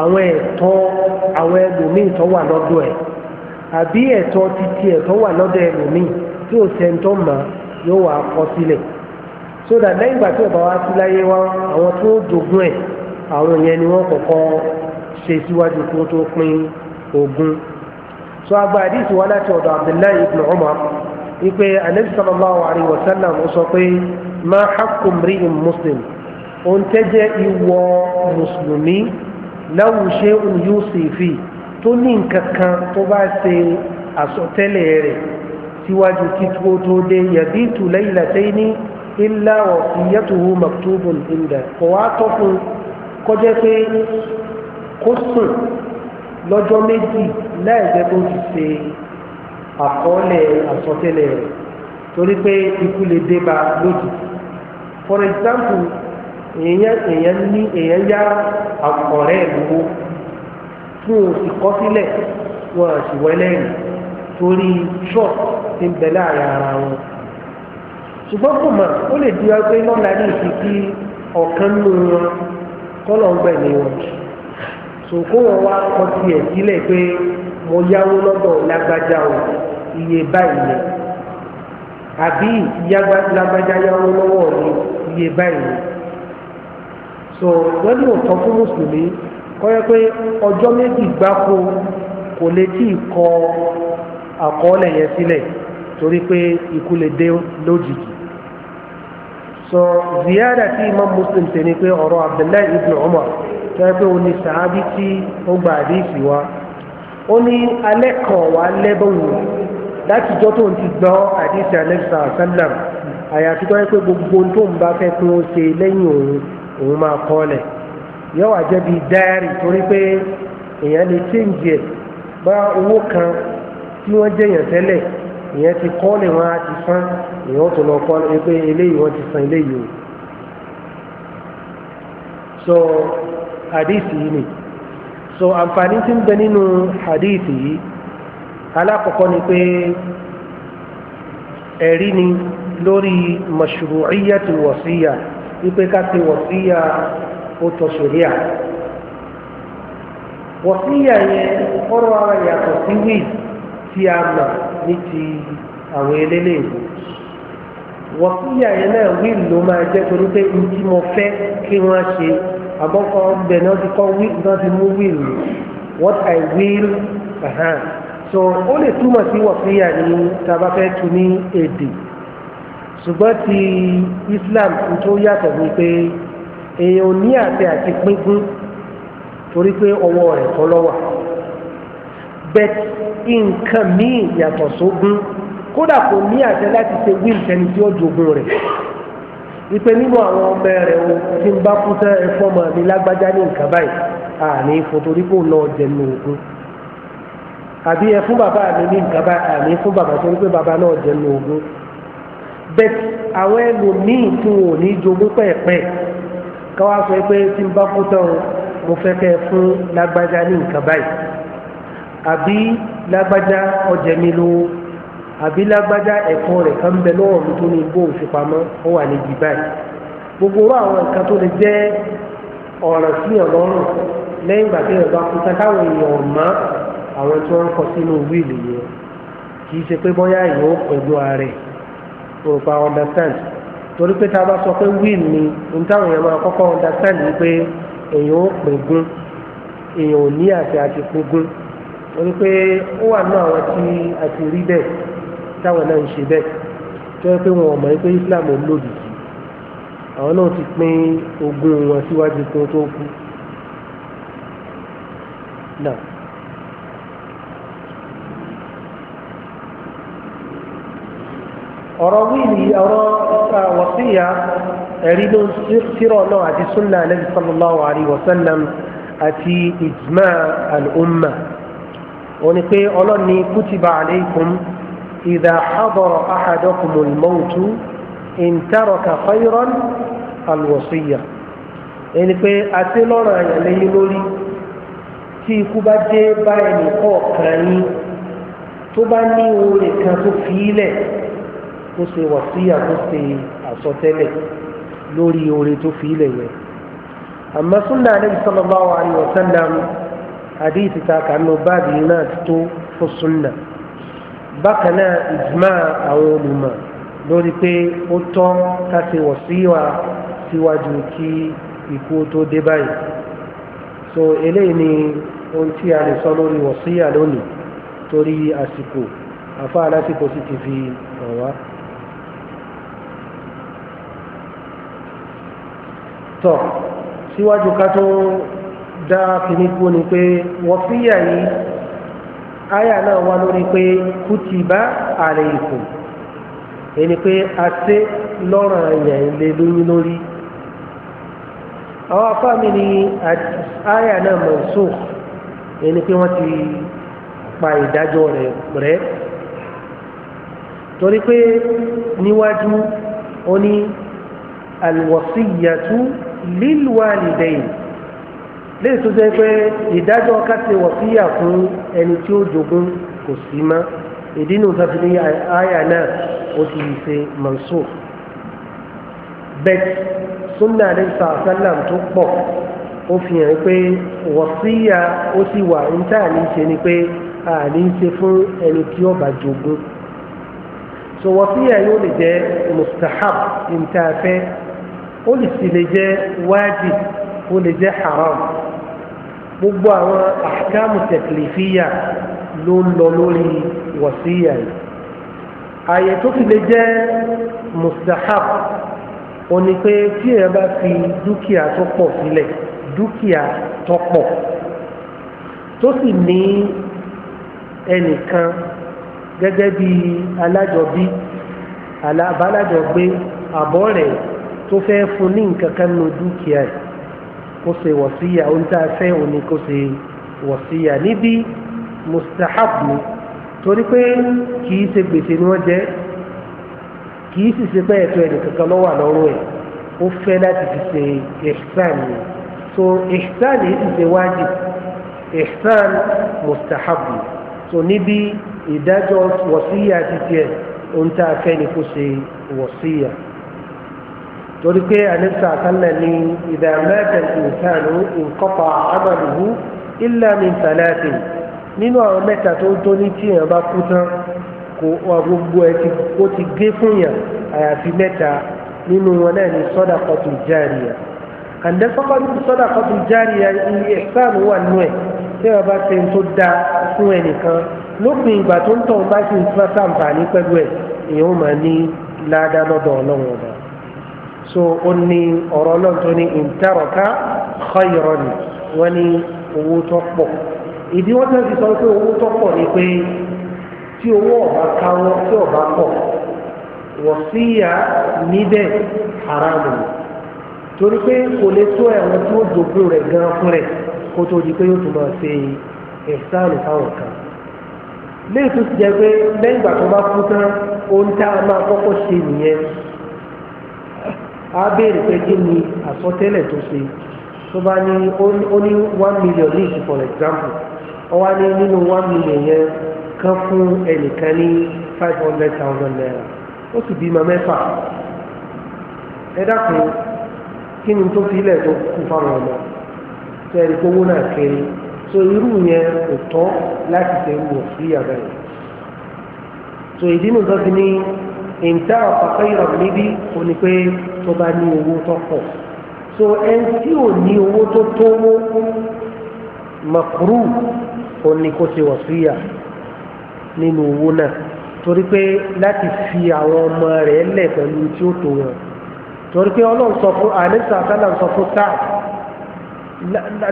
àwọn ẹ̀tọ́ àwọn ẹlòmíì tó wà lọ́dọ̀ ẹ̀ àbí ẹ̀tọ́ títí ẹ̀ tó wà lọ́dọ̀ ẹlòmíì tí ò sẹ́ńtọ́ mọ́ yóò wà kọ́ sílẹ̀ so that lẹ́yìn ìgbà tí ọba wa sí láyé wa àwọn tó jogún ẹ̀ àwọn yẹn ni wọ́n kọ́kọ́ ṣe síwájú kó tó pín ogún so agba àdìsí wa láti ọ̀dọ̀ Abdullahi ibn Umar ipe anabi sallallahu alayhi wa sallam sọ pé ma haqqu mri'in muslim òun tẹ́jẹ́ ìwọ mùsùlùmí lahu shay'un yusifi tó ní nǹkan kan tó bá ṣe àsọtẹ́lẹ̀ rẹ̀ síwájú kí tó tó dé yabitu laylataini illa wasiyatuhu maktubun inda kò wá tọ́ fún kọjá pé kó sùn lọ́jọ́ méjì láìjẹ́ kó ti ṣe àkọọ́lẹ̀ àsọtẹ́lẹ̀ rẹ̀ torí pé ikú lè dé bá lójijì for example èèyàn èèyàn ní èèyàn yá ọ̀rẹ́ ìlúwo fún òsì kọsílẹ̀ wọn sì wẹlẹ́yìn torí trust ti ń bẹ láàrin ara wọn ṣùgbọ́n kò mọ̀ ó lè di ọgbẹ́ lọ́la ní ìsìnkí ọ̀kan nù wọn kọ́lọ̀ ń gbẹ̀mí wọn so kó wọn wá kọ tiẹ̀ sílẹ̀ pé mo yáwó lọ́dọ̀ lágbájá o iye báyìí yẹn àbí lágbájá yáwó lọ́wọ́ mi iye báyìí yẹn. so wọ́n ní òótọ́ fún mùsùlùmí kọ́ yẹ pé ọjọ́ méjì gbáko kò lè tí ì kọ àkọọ́lẹ̀ yẹn sílẹ̀ torí pé ikú lè dé lójijì so ziyada tí imam muslim ṣe ni pé ọ̀rọ̀ abdullahi ibn umar tó yẹ pé ó ní sàábí tí ó gba àdéhìsì wa ó ní alẹ́ kan wà láti tó ń ti gbọ́ àdéhìsì alẹ́ àyàfi tó òun máa kọ́ lẹ̀ yóò wá jẹ́ bíi dáárì torí pé èèyàn lè chéǹjì ẹ̀ bá owó kan tí wọ́n jẹ̀yàn tẹ́lẹ̀ èèyàn ti kọ́ lẹ̀ wọn á ti san èèyàn tó lọ kọ́ lẹ̀ pé eléyìí wọ́n ti san eléyìí o. so hadith yìí ni so àǹfààní tí ń bẹ nínú hadith yìí alákọ̀ọ́kọ́ ni pé ẹ̀rí ni lórí mashru'iyyat al-wasiyya. wípé ká ti wọ̀síyà ó tọ́ ṣòríà wọ̀síyà yẹn ọ̀rọ̀ ara yàtọ̀ sí wíì tí a mọ̀ ní ti àwọn eléléèwé wọ̀síyà yẹn náà wíì ló máa jẹ́ torí pé n tí mo fẹ́ kí wọ́n ṣe àbọ̀kọ́ ọbẹ̀ náà ti kọ́ wíì náà ti mú wíì mi what I will uh -huh. so ó lè túmọ̀ sí wọ̀síyà ní tá a bá fẹ́ tu ní èdè ṣùgbọ́n ti Islam tó yàtọ̀ ni pé èèyàn ní àti àti pínpín torí pé ọwọ́ rẹ̀ kọ́ lọ́wà bẹ́ẹ̀ nǹkan míì yàtọ̀ sógún kódà kò ní àṣẹ láti ṣe wíìlì tẹni tí ó jogún rẹ̀ ipe nínú àwọn ọmọ rẹ̀ o tí ń bá kú tán ẹ̀fọ́ mọ̀ mi lágbájá ní nǹkan báyìí àní fotori kò lọ jẹnu ogún àbí ẹ fún bàbá mi ní nǹkan báyìí àní fún bàbá torí pé bàbá náà jẹnu ogún bẹ́t àwọn ẹlòmíì tí wọn ò ní jogún pẹ̀pẹ́ káwá sọ pé tí n bá kú tán mo fẹ́ kẹ́ fún lágbájá ní nǹkan báyìí àbí lágbájá ọjẹ mi lówó àbí lágbájá ẹ̀kọ́ rẹ̀ kan bẹ lọ́wọ́ mi tó ní igbó òṣùpamọ́ ó wà níbi báyìí gbogbo orú àwọn nǹkan tó lè jẹ́ ọ̀ràn sí ọlọ́run lẹ́yìn ìgbà tí èèyàn bá kú tán táwọn èèyàn ọ̀mọ́ àwọn tí wọ́n ń kọ sínú wíìlì yẹn kì í ṣe pé bóyá ìyẹn ó pẹ̀lú ara rẹ̀ òrùpa understand torí pé tá a bá sọ pé will ni n táwọn èèyàn máa kọ́kọ́ understand ni pé èèyàn ò pín gún èèyàn ò ní àti àti pín gún torí pé ó wà nínú àwọn tí a ti rí bẹ́ẹ̀ táwọn náà ń ṣe bẹ́ẹ̀ tó yẹ pé wọn ò mọ̀ pé Islam ò lòdì sí àwọn náà ti pín ogún wọn síwájú kí tó kú náà. ọ̀rọ̀ wíìlì ọ̀rọ̀ wọ̀síyà ẹ̀rí ló ń sírọ̀ náà àti sunna anabi sallallahu alayhi wa sallam àti ijma al-umma ó ní pé ọlọ́ni kútìbà alaykum idha hadara ahadakumul mawtu in taraka khayran al-wasiya ẹni pé àti lọ́rọ̀ àyàn lẹ́yìn lórí tí ikú bá dé bá kọ̀ọ̀kan yín tó bá ní oore kan tó fi í lẹ̀ kó ṣe wàsíyà kó ṣe àsọtẹ́lẹ̀ lórí oore tó fi ilẹ̀ yẹn àmọ́ súnà ànábì sallallahu alaihi wasallam àdéhìí ta kànú báàbí náà tó fún súnà bákan náà ìjìmá àwọn olùmọ̀ lórí pé ó tọ́ ká ṣe wàsíyà síwájú kí ikú tó dé báyìí so eléyìí ni ohun tí a lè sọ lórí wàsíyà lónìí torí àsìkò àfa alásìkò sì ti fi hàn wá. tọ̀ síwájú ká tó dá kìíní kú ni pé wọ́fíyà yìí àyà náà wà lórí pé kùtìbá alaykum ẹni pé a ṣe lọ́rọ̀ ẹ̀yàn lè lóyún lórí àwọn afáàmì ni àyà náà mansukh ẹni pé wọ́n ti pa ìdájọ́ rẹ̀ rẹ́ torí pé níwájú ó ní alwasiyatu lílùwàlìdẹ́yìn léyìí tó jẹ́ pé ìdájọ́ káṣe wọ̀síyà fún ẹni tí ó jogún kò sí mọ́ ìdí nù tàbí ní àyà náà ó ti ṣe mọ̀nsó bẹ́ẹ̀ súnà àdéhùsà sálàm tó pọ̀ ó fi hàn pé wọ̀síyà ó ti wà níta ní ṣe ni pé àní ṣe fún ẹni tí ó bá jogún so wọ̀síyà yóò lè jẹ́ mustahab níta fẹ́ẹ́ ó lè sì lè jẹ́ wájì ó lè jẹ́ haram gbogbo àwọn àkámù tẹ̀kìlìfíyà ló ń lọ lórí wọ̀síyà yìí ààyè tó fi lè jẹ́ mustahab ó ní pé tí èèyàn bá fi dúkìá tó pọ̀ sílẹ̀ dúkìá tó pọ̀ tó sì ní ẹnìkan gẹ́gẹ́ bí alájọbí alábàlájọgbé àbọ̀rẹ̀ tó fẹ́ fún ní nǹkan kan nù dúkìá ẹ̀ kó ṣe wọ̀síyà ohun tá a fẹ́ òun ni kó ṣe wọ̀síyà níbi mustahab ni torí pé kìí ṣe gbèsè ni wọ́n jẹ́ kìí sì ṣe pé ẹ̀tọ́ ẹ̀dùn kankan lọ́wọ́ àlọ́rùn ẹ̀ ó fẹ́ láti fi ṣe ihsan ni so ihsan yìí sì ṣe wájib ihsan mustahab ni so níbi ìdájọ́ wọ̀síyà ti tiẹ̀ ohun tá a fẹ́ ni kó ṣe wọ̀síyà torí pé àníṣà sálẹ̀ ní ìdàmẹ́tẹ̀ ìsànù ìkọ́pà àmàlùhù ìlànà ìsàlẹ̀ nínú àwọn mẹ́ta tó tó ní tí èèyàn bá kú tán kò gbogbo ẹ ti ó ti gé fún yàn àyàfi mẹ́ta nínú wọn náà ní sọ́dà kọ́tù járíyà àǹdẹ́ sọ́dà kọ́tù járíyà iye ìsànù wà nú ẹ̀ tí èèyàn bá ṣe tó da fún ẹnìkan lópin ìgbà tó ń tọ̀ bá ṣe ń fẹ́ sàǹfààní pẹ̀lú ẹ̀ èèyàn ó máa ní ládàá lọ́dọ̀ ọlọ́run ọba so ó ní ọ̀rọ̀ ọlọ́run tó ní ìntàrọ̀ká khayran wọ́n ní owó tó pọ̀ ìdí wọ́n tẹ́ fi sọ pé owó tó pọ̀ ni pé tí owó ọ̀bá káwọ́ tí ọ̀bá pọ̀ wọ̀síyà níbẹ̀ haramu torí pé kò lè tó ẹ̀wọ̀n tí ó dògbò rẹ̀ gan fún rẹ̀ kó tó di pé yóò tún máa ṣe ẹ̀sánù fáwọn kan léètò ti jẹ pé lẹ́yìn ìgbà tó bá kú tán ohun tá a máa kọ́kọ́ ṣe nìyẹn á béèrè pé kí ni àsọtẹ́lẹ̀ tó ṣe tó bá ní ó one million league for example ó wá ní nínú one million yẹn kan fún ẹnìkan ní five hundred thousand naira ó sì bímọ mẹ́fà ẹ dákun kí ni tó fi ilẹ̀ tó kú fáwọn ọmọ tó ẹni tó wó náà kéré so irú yẹn kò tọ́ láti tẹ̀ wọ̀ sí so ìdí nìkan fi ní. ìntara fàkàyìrà níbi òní pé tó bá ní owó tó pọ̀ so ẹni tí ò ní owó tó tó mú makuru òní kò ṣe wàsíyà nínú owó náà torí pé láti fi àwọn ọmọ rẹ̀ lẹ̀ pẹ̀lú tí ó tó wọn torí pé ọlọ́run sọ fún àníṣà sálà sọ fún sáà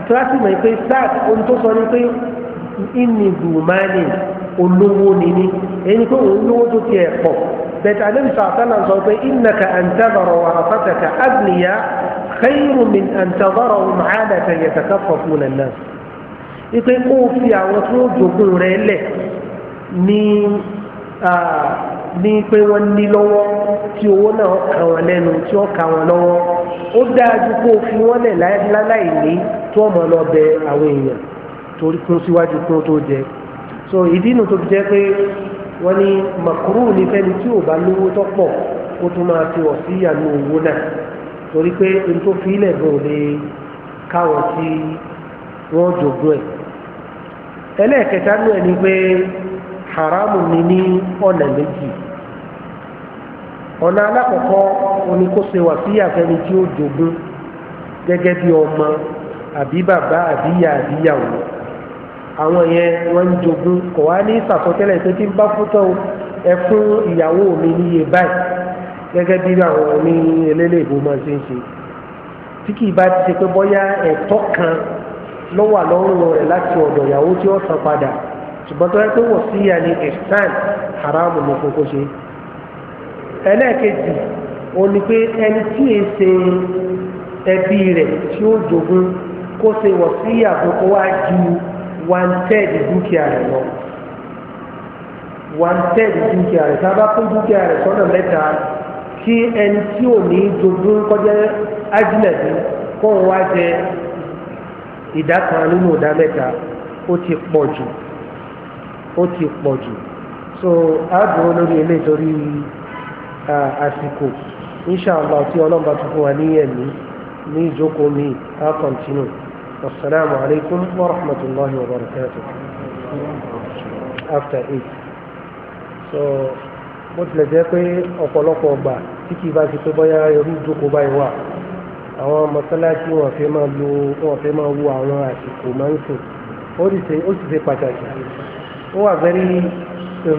láti mọ̀ pé sáà ohun tó sọ ni pé ìnìbùmánì olówó nìní ẹni pé òun lówó tó tiẹ̀ pọ̀ bẹ̀tẹ̀ alẹ́ bisọ àtàlà sọ pé innaka àǹtàbọ̀rọ̀ wà fàtàkà àgbìyà khayru min àǹtàbọ̀rọ̀ màálà tẹ̀yẹ̀tàkà fọ̀fún nàná. ipe kó o fi àwọn tó jogún rẹ lẹ̀ ní ní pé wọ́n ní lọ́wọ́ tí owó náà kà wọ́n lẹ́nu tí wọ́n kà wọ́n lọ́wọ́ ó dájú kó o fi wọ́n lẹ̀ láláì ní tí wọ́n lọ bẹ àwọn èèyàn torí kún síwájú kún tó jẹ so ìdí inú tó fi jẹ́ pé wọ́n ní makuru ní fẹ́ni tí ò bá lówó tó pọ̀ kó tó máa fi wọ̀ sí ìyànú owó náà torí pé n tó fi ilẹ̀ gan ò lè káwọn tí wọ́n jogún ẹ̀ ẹlẹ́ẹ̀kẹta nú ẹ̀ ni pé haramu ni ní ọ̀nà méjì ọ̀nà alákọ̀ọ́kọ́ oní kó ṣe wà sí àfẹ́ni tí ó jogún gẹ́gẹ́ bí ọmọ àbí bàbá àbíyà àbíyàwó àwọn yẹn wọ́n ń jogún kò wá ní ìsàkọsílẹ̀ pé tí bá fútọ́ ẹ fún ìyàwó mi níye báyìí gẹ́gẹ́ bí àwọn ní eléle ìbò máa ṣe ń ṣe tí kì í bá ti ṣe pé bóyá ẹ̀tọ́ kan ló wà lọ́rùn rẹ̀ láti ọ̀dọ̀ ìyàwó tí ó san padà ṣùgbọ́n tó yẹ pé wọ̀ sí ìyá ni ihsan haramu ní kókó ṣe ẹlẹ́ẹ̀kejì ó ní pé ẹni tí è ṣe ẹbí rẹ̀ tí ó jogún kó ṣe wọ̀ sí ìyàwó kó wá ju one third dúkìá rẹ̀ lọ one third dúkìá rẹ̀ tá a bá kó dúkìá rẹ̀ sọ́nà mẹ́ta kí ẹni tí ò ní dodo kọjá ájínàbí kó ń wá jẹ ìdá kan nínú ìdá mẹ́ta ó ti pọ̀ jù ó ti pọ̀ jù so a dúró lórí ilé torí àsìkò inshallah tí ọlọ́mọba tuntun wà ní ẹ̀mí ní ìjókòó mi a continue. والسلام عليكم ورحمة الله وبركاته after eight so bó tilẹ̀ jẹ́ pé ọ̀pọ̀lọpọ̀ ọgbà tí kì í bá ti pé bóyá irú ìjókòó báyìí wà àwọn mọ́sálásí wọn fẹ́ máa lo wọn fẹ́ máa wo àwọn àsìkò máa ń sùn ó sì ṣe pàtàkì ó wà very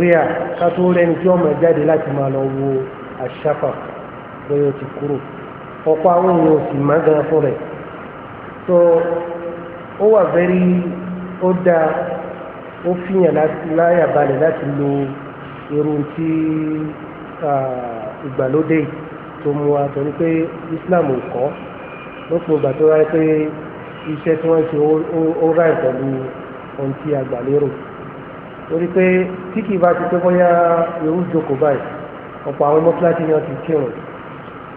rare ká tó rẹni tí ọmọ jáde láti máa lọ wo àṣàfà bóyá ó ti kúrò ọ̀pọ̀ àwọn èèyàn ò sì má gan fún rẹ̀ so ó wà very ó da ó fìyàn láyà balẹ̀ láti lo irú tí ìgbàlódé tó mú wa torí pé Islam ò kọ́ lópin ìgbà tó wáyé pé iṣẹ́ tí wọ́n ṣe ó ráì pẹ̀lú ohun tí a gbà lérò torí pé tí kì í bá ti pé bóyá irú jókòó báyìí ọ̀pọ̀ àwọn mọ́tíláṣí ni wọ́n ti kírun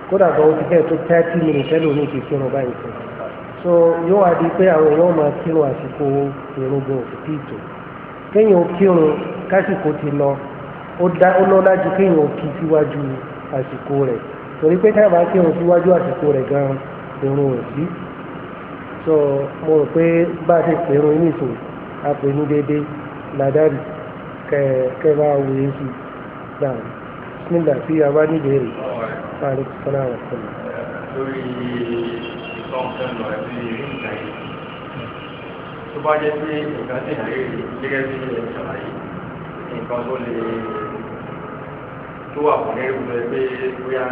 kódà gan ó ti fẹ́ tó thirty minutes ẹlòmíì ti kírun báyìí fún so yóò wá di pé àwọn èèyàn máa kírun àsìkò ìrúgbìn òkìtì ìtò kéèyàn kírun kásìkò ti lọ ó lọ́lá ju kéèyàn kí síwájú àsìkò rẹ̀ torí pé tábà kírun síwájú àsìkò rẹ̀ gan irun ò sí so mo rò pé bá a ti pè irun inú ìsìn àpènú déédéé ládàrí kẹ kẹ bá wò é sí gbà nígbà tí a bá níbèrè. Wa alaikum salaam wa rahmatullahi lọ́nkẹ́ lọ ẹbí rí nǹkan yìí tó bá jẹ́ pé nǹkan sì rí gẹ́gẹ́ bí ẹ ṣàlàyé nǹkan tó lè tó wà fún ẹrú lọ pé bóyá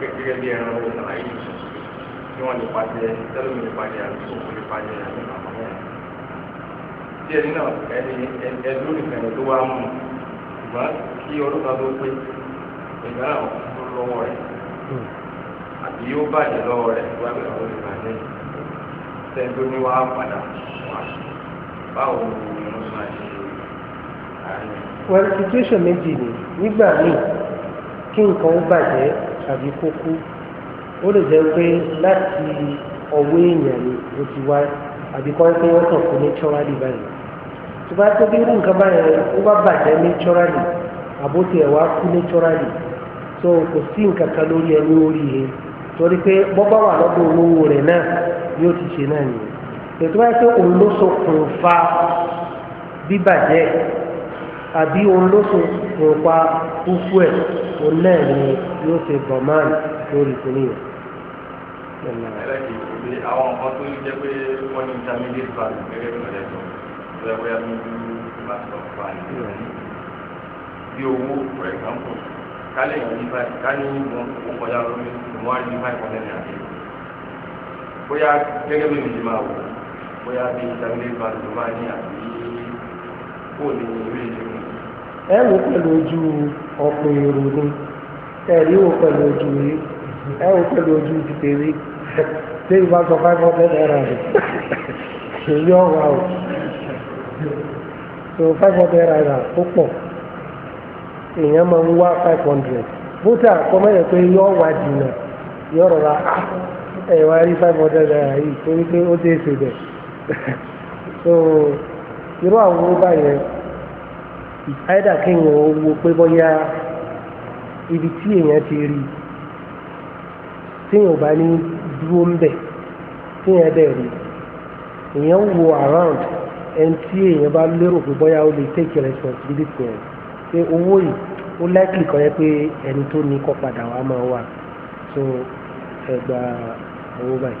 gẹ́gẹ́ bí ẹran owó ṣàlàyé tí wọ́n lè pàṣẹ tẹ́lómi lè pàṣẹ àti òkú lè pàṣẹ àti màmá yẹn. tí ẹni náà ẹni ẹdún nìkan tó wá mú ṣùgbọ́n kí ọdún tó pé ìgbà náà lọ́wọ́ rẹ̀ yóò bàjẹ́ lọ́wọ́ rẹ̀ wá bí àwọn ìbàjẹ́ sẹ́ńtò ní wàá padà wá báwo ni wọ́n máa ṣe àárín. well situation méjì ni nígbà míì kí nǹkan ó bàjẹ́ tàbí kó kú ó lè jẹ́ pé láti ọwọ́ èèyàn ni ó ti wá àbí kọ́ pé wọ́n tàn fún naturally báyìí tó bá tó bí irú nǹkan báyìí ó bá bàjẹ́ naturally àbótiẹ̀ wá kú naturally so kò sí nǹkan kan lórí ẹni orí yẹn torí pé bọ́bá wà lọ́dọ̀ olówó rẹ̀ náà yóò ti ṣe náà nìyẹn ètò wáyé pé òun ló ṣokùnfà bíbàjẹ́ àbí òun ló ṣokùnfà kúkú ẹ̀ òun náà ni yóò ṣe bọ̀mán lórí ìpínlẹ̀ yẹn ẹlẹ́kìtì àwọn nǹkan tó jẹ́ pé wọ́n ní intermediate value gẹ́gẹ́ bí ọ̀rẹ́ sọ lọ́wọ́ bóyá bí wọ́n bá sọ fún àyè bí owó for example kálẹ̀ yàn ní báyìí ya yín mọ ó kọjá lórí ìmọ̀ àrí ní báyìí kọ́lẹ̀ ní àdé bóyá gẹ́gẹ́ bí mi ti máa wò bóyá bí ìtàgélé bá ló ẹ ọ̀pọ̀ ni ẹ rí wò yìí ẹ wò ṣé ìbá sọ five hundred naira rẹ̀ èèyàn máa ń wá five hundred bùtà kọ́mọ́yẹ̀ pé yọ wá jìnnà yọ rọra ah, ẹ̀ wá rí five hundred naira yìí torí pé ó dé ṣe bẹ̀ [LAUGHS] so irú àwọn owó báyẹn àìdá kéèyàn wo pé bóyá ibi tí èèyàn ti rí téèyàn bá ní dúró ń bẹ̀ téèyàn dẹ̀ rí èèyàn wo around ẹni tí èèyàn bá lérò pé bóyá ó lè take responsibility ẹ̀ pé owó yìí ó láìkì kọ́ yẹ pé ẹni tó ní kọ́ padà wá máa wà so ẹ gba owó báyìí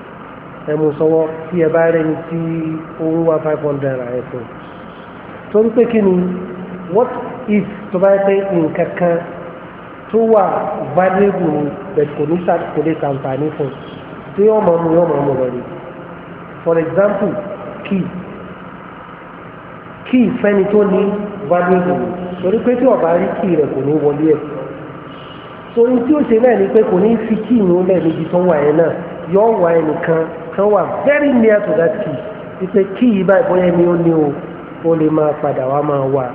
ẹ mú sọwọ́ tí ẹ bá rẹ́ni tí ó ń five hundred naira ẹ fún un tó ń pé kí ni what if tó bá yẹ pé nǹkan kan tó wà valuable but kò ní kò lè ṣàǹfààní fún un tí yóò máa mú yóò máa mú lọ for example key key fẹ́ni tó ní valuable torí pé tí ọba rí kí rẹ̀ kò ní wọlé ẹ̀ torí tí ó ṣe náà ni pé kò ní fi kí ìrún lẹ̀ níbi tó wà yẹn náà yọ wà ẹnìkan kan wà very near to that key wípé kí yìí báyìí bóyá ẹni ó ní o ó lè máa padà wá máa wà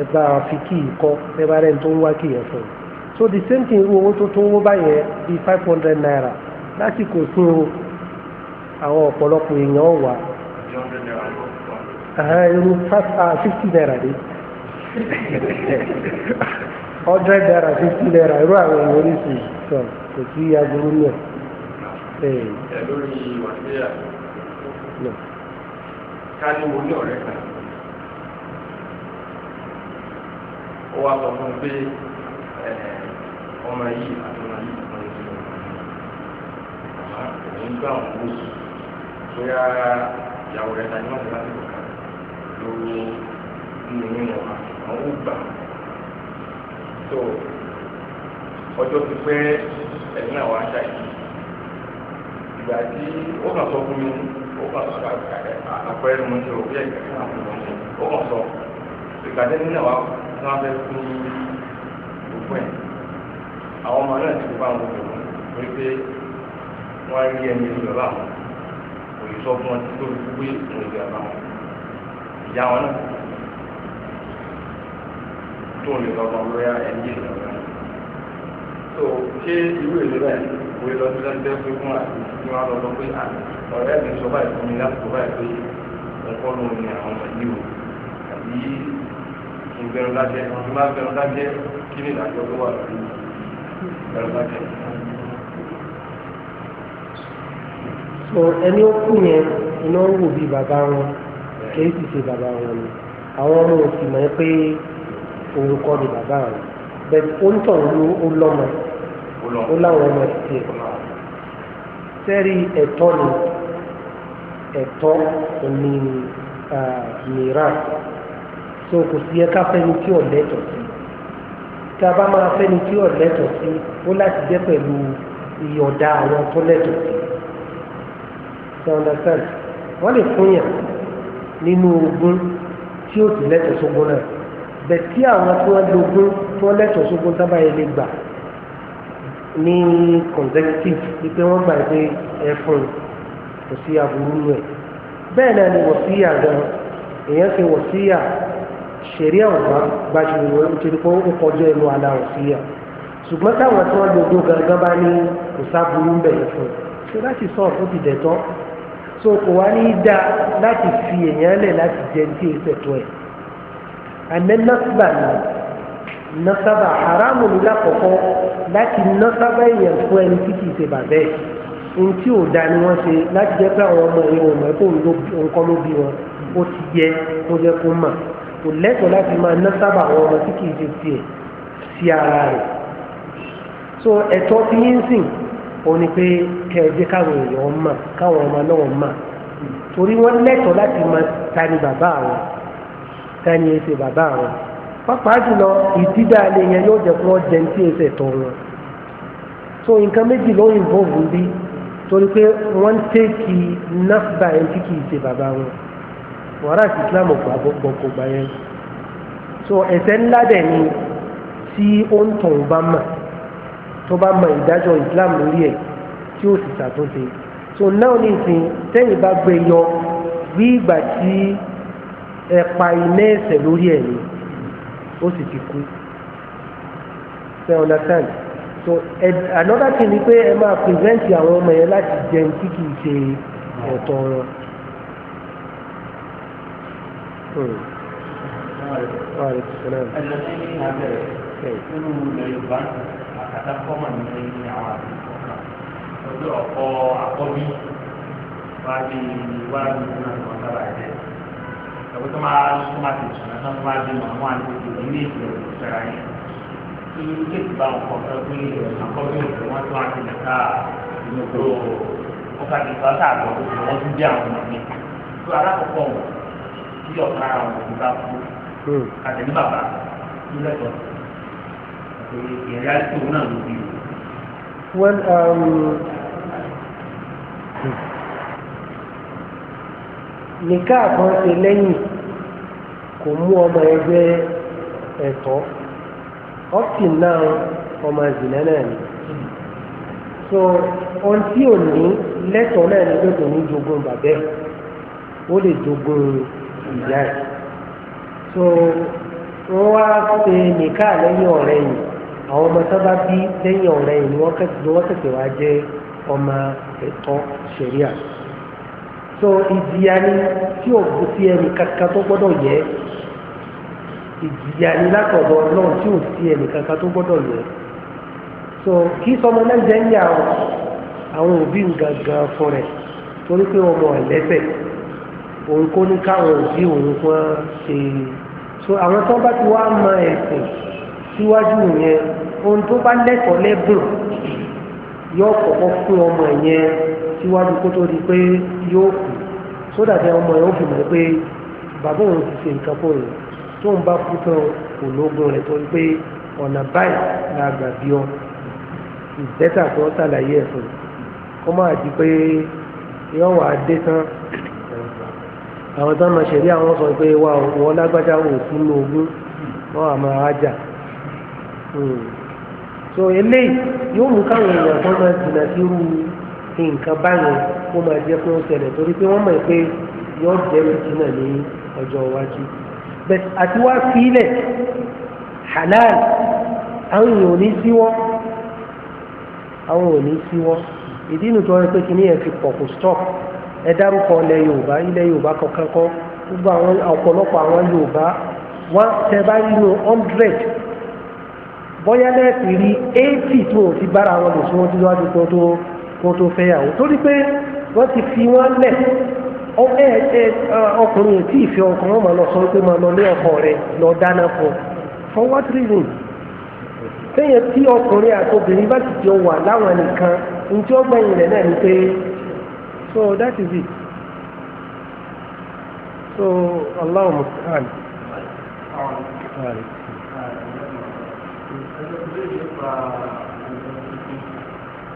ẹ bá a fi kí yìí kọ́ ẹ bá rẹ́ni tó ń wá kí yẹn fún un so the same thing irú owó tó tó owó báyẹn bíi five hundred naira lásìkò sí o àwọn ọ̀pọ̀lọpọ̀ èèyàn wà ah, fifty naira dé. hundred naira fifty naira irú àwọn èèyàn oríṣi sọ kò sí aburú náà. lórí ìwà sí àná ká ní orí ọ̀rẹ́ kan ó wá sọ fún un pé ọmọ yìí àti ọmọ yìí ọmọ yìí àmọ́ òun gbà wọn wò sí bóyá ìyàwó rẹ̀ ta ni wọ́n ti láti kọ̀ọ̀kan àwọn ògbà tó ọjọ́ ti pẹ́ ẹ̀gbọ́n àwọn aṣá yìí ìgbà tí ó kàn sọ fún mi ó kàn sọ ẹ̀gbẹ́ ó kàn sọ ìgbà tí fún gbogbo ẹ̀ àwọn ọmọ náà ti àwọn pé wọ́n á rí ẹni fún tó gbé ìyá wọn náà. tó lè lọ́kọ̀ lóyá ẹni yé so ṣé irú èlé báyìí kò lè lọ sí lọ́sẹ̀ pé fún àti ní wọn lọ sọ pé ah, ọ̀rẹ́ mi sọ báyìí fún mi láti sọ báyìí pé nǹkan ló ní àwọn ọmọ yìí o àbí ìbẹ̀rù lájẹ ọ̀rọ̀ máa bẹ̀rù lájẹ kí ni ìdájọ́ tó wà lórí ìbẹ̀rù lájẹ. so ẹni ó kú yẹn iná ń wò bí bàbá wọn kì í sì ṣe bàbá wọn ni àwọn ọmọ òsì mọ̀ ẹ́ pé òun kọ́ ni bàbá rẹ̀ bẹ́ẹ̀ ó ń tọ̀ ló ó lọ́mọ ó láwọn ọmọ tiẹ̀ sẹ́rí ẹ̀tọ́ ni ẹ̀tọ́ ni mìíràn so kò sí ẹ̀ka fẹ́ni tí ò lẹ́tọ̀ọ́ sí tá a bá máa fẹ́ni tí ò lẹ́tọ̀ọ́ sí ó láti jẹ́ pẹ̀lú ìyọ̀dá àwọn tó lẹ́tọ̀ọ́ sí ṣe understand wọ́n lè fún yàn nínú ogún tí ó sì lẹ́tọ̀ọ́ sógbó náà bẹ̀ tí àwọn tí wọ́n dogun tí wọ́n lẹ́tọ̀ọ́ sógun sábà yẹn lè gbà ní consecutive ni pé wọ́n gbà pé ẹ̀fọn kò sí aburú rẹ̀ bẹ́ẹ̀ náà ni wọ̀síyà gan èèyàn ṣe wọ̀síyà ṣẹ̀rí àwùjọ gbajúmọ̀ ìwé nítorí pé ó kọjá ẹnu àlà wọ̀síyà ṣùgbọ́n táwọn tí wọ́n dogun gangan bá ní kò sáburú ń bẹ̀ ẹ̀fọn ṣe láti sọ ọ̀tún ti dẹ̀tọ́ so kò wá ní í dá láti fi èèyàn lẹ̀ láti jẹ ní tí èsẹ̀ àmẹ́ nọ́sàbà ni nọ́sàbà haramu ni lákọ̀ọ́kọ́ láti nọ́sàbà èèyàn fún ẹni tí kìí ṣe bàbẹ́ ẹ̀ ohun tí ò da ni wọ́n ṣe láti jẹ́ pé àwọn ọmọ ẹ̀yìn ọmọ ẹ̀kọ́ nǹkan ló bí wọn o ti yẹ o jẹ́ kó mà kò lẹ́tọ̀ọ́ láti máa nọ́sàbà àwọn ọmọ tí kìí ṣe tiẹ̀ sí ara rẹ̀ so ẹ̀tọ́ ti yín sìn òun ni pé kẹ̀ẹ́dẹ́ káwọn èèyàn mà káwọn ọmọ náà mà torí wọ́n lẹ́tọ̀ọ́ láti máa ta ni bàbá àwọn tani ẹ ṣe bàbá wọn pàápàá jùlọ ìdídàlẹ yẹn yóò jẹ fún ọjẹ ní tí ẹ tọ wọn so nǹkan méjì ló ń involve ń bí torí pé wọ́n ń tẹ́kì náfà ẹ̀ tí kìí ṣe bàbá wọn wàrà sí Islam gbọ̀gbọ̀ gbà yẹn so ẹ̀ṣẹ̀ ńlá dẹ̀ ni tí ó ń tàn bá mà tó bá mọ ìdájọ́ Islam lórí ẹ̀ tí ó sì ṣàtúnṣe so náà ní ìsìn tẹ́yìn bá gbé yọ bí ìgbà tí ẹ̀pa iná ẹ̀sẹ̀ lórí ẹ̀ ni ó sì ti kú ṣe understand so another thing ni pé ẹ máa prevent àwọn ọmọ yẹn láti jẹun tí kì í ṣe ẹ̀tọ́ wọn. Hmm. Nínú ilẹ̀ Yorùbá, àkàtà kọ́mọ̀ ní àwọn àdúgbò kan. Ọjọ́ ọ̀pọ̀ àkọ́bí wá bí wá bí nínú àwọn ọ̀gá bàjẹ́ ẹ̀wọ́n tó máa tó máa ti sùn náà tó máa di mọ̀ àwọn àlejò ilé ìgbẹ́ òṣèré ayé tí kéèkì bá wọn kọ fẹ́ pé àkọ́bí òkè wọn tó àti nàka ìlòkò ọkà ìgbà káàbọ̀ òkè wọn tún dé àwọn ọmọ mi tó alákọ̀ọ́kọ́ wọn tí ọ̀kan ara wọn kò bá kú hmm. àtẹ̀lé bàbá tó lẹ́tọ̀ọ́ ìrìn àti náà ló bí. Um, nìka kan ṣe lẹ́yìn kò mú ọmọ ẹgbẹ́ ẹ̀tọ́ ọ̀tì náà ọmọ ìzìnà náà ni so ohun tí ò ní lẹ́tọ̀ọ́ náà ni pé kò ní jogún bàbẹ́ ó lè jogún ìyá ẹ̀ so wọ́n wá ṣe nìka lẹ́yìn ọ̀rẹ́ yìí àwọn ọmọ tó bá bí lẹ́yìn ọ̀rẹ́ yìí ni wọ́n tẹ̀sẹ̀ wá jẹ́ ọmọ ẹ̀tọ́ ṣẹ̀ríà so ìjìyà ni tí ò bu sí ẹnì kankan tó gbọ́dọ̀ yẹ ìjìyà ni látọ̀dọ̀ náà tí ò sí ẹnì kankan tó gbọ́dọ̀ yẹ so kí sọmọ náà jẹ́ ń yà àwọn òbí gangan fún rẹ̀ torí pé ọmọ ẹ̀lẹ́sẹ̀ òun kò ní káwọn òbí òun kan ṣe so àwọn tó bá ti wá mọ ẹ̀sìn síwájú yẹn ohun tó bá lẹ́tọ̀ọ́ lẹ́bùn yóò kọ́kọ́ fún ọmọ yẹn síwájú kó tó di pé yóò kù sódà tí ọmọ yẹn ó fi mọ̀ pé bàbá òun ti ṣe nǹkan fún òun tó ń bá kú tán kò lóògùn rẹ̀ torí pé ọ̀nà báyìí la gbà bí ọ ìbẹ́tà tó ṣàlàyé ẹ̀ fún kó má di pé yọ wà á dé tán àwọn tó ń máa ṣẹ̀rí àwọn sọ pé wà wọ́n lágbájá wò sí inú ogún wọ́n á máa hmm. so eléyìí yóò mú káwọn èèyàn tó máa jìnnà sí irú nǹkan báyìí kó máa jẹ́ pé ó ṣẹlẹ̀ torí pé wọ́n mọ̀ pé yóò jẹ́ fìtínà ní ọjọ́ iwájú. bẹ́ẹ̀ àti wá halal àwọn èèyàn ò ní síwọ́ àwọn ò ní ìdí inú tó ń pè kí fi pọ̀ kò stop ẹ dárúkọ ilẹ̀ yorùbá ilẹ̀ yorùbá kankan kọ́ gbogbo àwọn ọ̀pọ̀lọpọ̀ àwọn yorùbá wọ́n tẹ bá hundred lẹ́ẹ̀sì rí eighty tó o ti bára wọn tí wọ́n wọ́n tó fẹ́yàwó torí pé wọ́n ti fi wọ́n lẹ̀ ọkùnrin tí ìfẹ́ ọkàn wọn máa lọ sọ pé máa lọ lé ọkọ rẹ lọ dáná fún for what reason sẹ́yìn tí ọkùnrin àti obìnrin bá ti jọ wà láwọn nìkan njẹ́ ọgbẹ̀yìn rẹ̀ náà ni pé so that is it so allah muhammad. Thank you.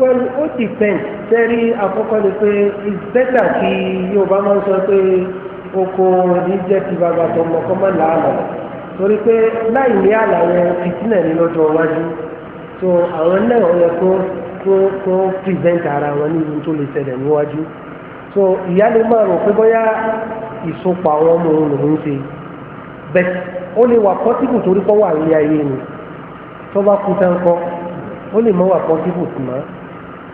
well ó ti pẹ̀n sẹ́rí àkọ́kọ́ ni pé it's better kí yorùbá máa ń sọ pé oko ní jẹ́ ti bàbá tó mọ kọ́ máa làálọ̀ torí pé láì ní àlàyé fìtínà ní lọ́jọ́ iwájú so àwọn náà yẹ kó kó kó prevent ara wọn ní ohun tó lè ṣẹlẹ̀ níwájú so ìyá lè máa rò pé bóyá ìsopọ̀ àwọn ọmọ òun lòún ṣe bẹ́ẹ̀ ó lè wà pọ́sibù torí pọ́ wà ní ayé ni tó bá kú tán kọ́ ó lè mọ́ wà pọ́sibù sí máa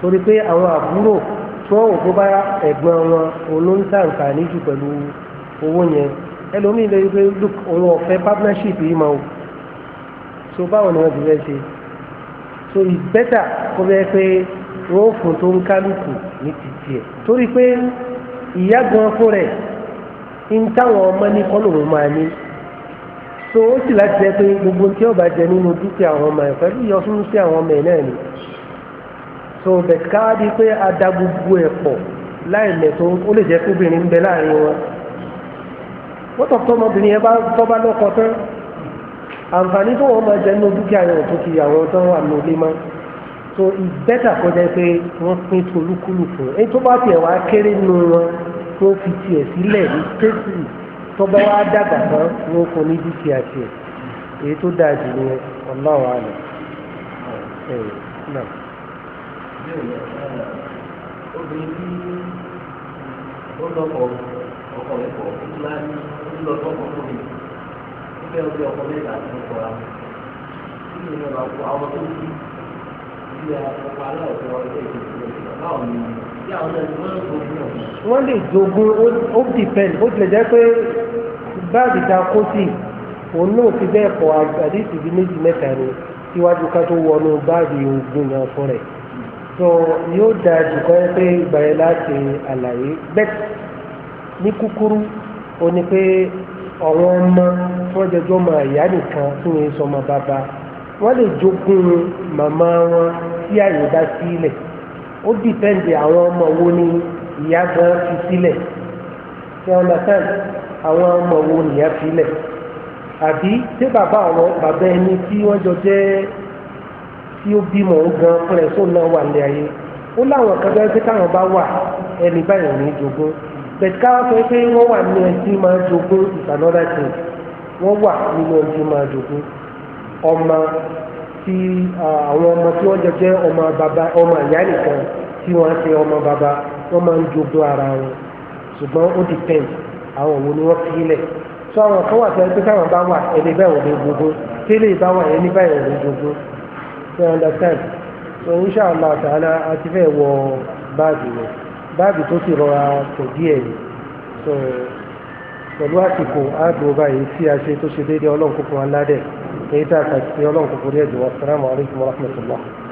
torí pé àwọn àbúrò tí wọ́n wò bá ẹ̀gbọ́n wọn olóńtàǹkà níjù pẹ̀lú owó yẹn ẹlòmíì lè gbé look òun ọ̀fẹ́ partnership yìí máa wò so báwo ni wọ́n ti fẹ́ ṣe so it's better kó bẹ́ẹ̀ pé wọ́n fún tó ń kálukú ní títì ẹ̀ torí pé ìyá gan fún rẹ̀ ń táwọn ọmọ ní kọ́ lòun máa ní so ó sì láti jẹ́ pé gbogbo tí ó bá jẹ nínú dúkìá àwọn ọmọ ẹ̀ pẹ̀lú ìyọsùn sí àwọn ọmọ ẹ̀ náà ni. so bẹ̀ká di pé ada da gbogbo ẹ̀ pọ̀ láì lẹ̀tọ́ ó lè jẹ́ kóbìnrin bẹ láàrin wọn wọ́n tọ́ tọ́mọbìnrin yẹn bá tọ́ bá tán àǹfààní tó máa jẹ nínú dúkìá yẹn tó ti àwọn tó wà so ìbẹ́tà kọjá pé wọ́n pín tolúkúlùkù èyí tó bá tiẹ̀ wá kéré nínú wọn tó fi tiẹ̀ sílẹ̀ obìnrin tí ó lọ́kọ̀ ọkọ rẹ̀ pọ̀ tó bá ní ó lọ sọ́kọ̀ tó mi ó fẹ́ ọbẹ̀ ọkọ mẹ́ta tó kọ̀ ra kí ni ìrọ̀lá kó àwọn tó kú bí ọkọ̀ aláìsàn ọ̀rẹ́ ìgbésẹ̀ báwo ni wọ́n lè jogún ó dìpẹ́ǹd ó tilẹ̀ jẹ́ pé báàgì ta kó sí òun náà ti bẹ́ẹ̀ kọ́ àdéhùn ìdí méjì mẹ́ta ni síwájú ká tó wọnú báàgì ogun náà fún rẹ̀ so ni ó da jùlọ pé ìgbà yẹn láti àlàyé bẹ́ẹ̀ ní kúkúrú o ní pé àwọn ọmọ tó jẹjọ́ ọmọ ìyá nìkan tí wọ́n sọ ọmọ bàbá wọ́n lè jogún màmá wọn tí àyè bá sílẹ̀ ó dìpẹ́ǹdì àwọn ọmọ wo ni ìyá gan fi sílẹ̀ ṣé wọn bá àwọn ọmọ wo ni ìyá fi sílẹ̀ àbí ṣé bàbá àwọn bàbá ẹni tí wọ́n jọ jẹ́ tí ó bímọ ó gan fún ẹ sóun náà wà ní ayé ó láwọn kan bẹ́ẹ̀ pé káwọn bá wà ẹni báyìí ní jogún bẹ̀tí káwọn sọ pé wọ́n wà nínú ẹni tí máa jogún ìsànlọ́dà tì wọ́n wà nínú ẹni tí máa jogún ọmọ tí àwọn ọmọ tí wọ́n jẹ jẹ́ ọmọ bàbá ọmọ ìyá nìkan tí wọ́n ṣe ọmọ bàbá wọ́n máa ń jogún ara wọn ṣùgbọ́n ó depend àwọn òun ni wọ́n fi lẹ̀ tó àwọn kan wà tó pé káwọn bá wà ẹni báyìí ò ṣe understand so inshallah ta'ala a ti fẹ́ wọ báàgì rẹ̀ báàgì tó ti rọra kò díẹ̀ ni so pẹ̀lú àsìkò àdùn báyìí tí a ṣe tó ṣe déédéé ọlọ́run kúkú èyí tá a kà sí ọlọ́run rí ẹ̀jọ̀ wa salamu alaykum wa rahmatullah.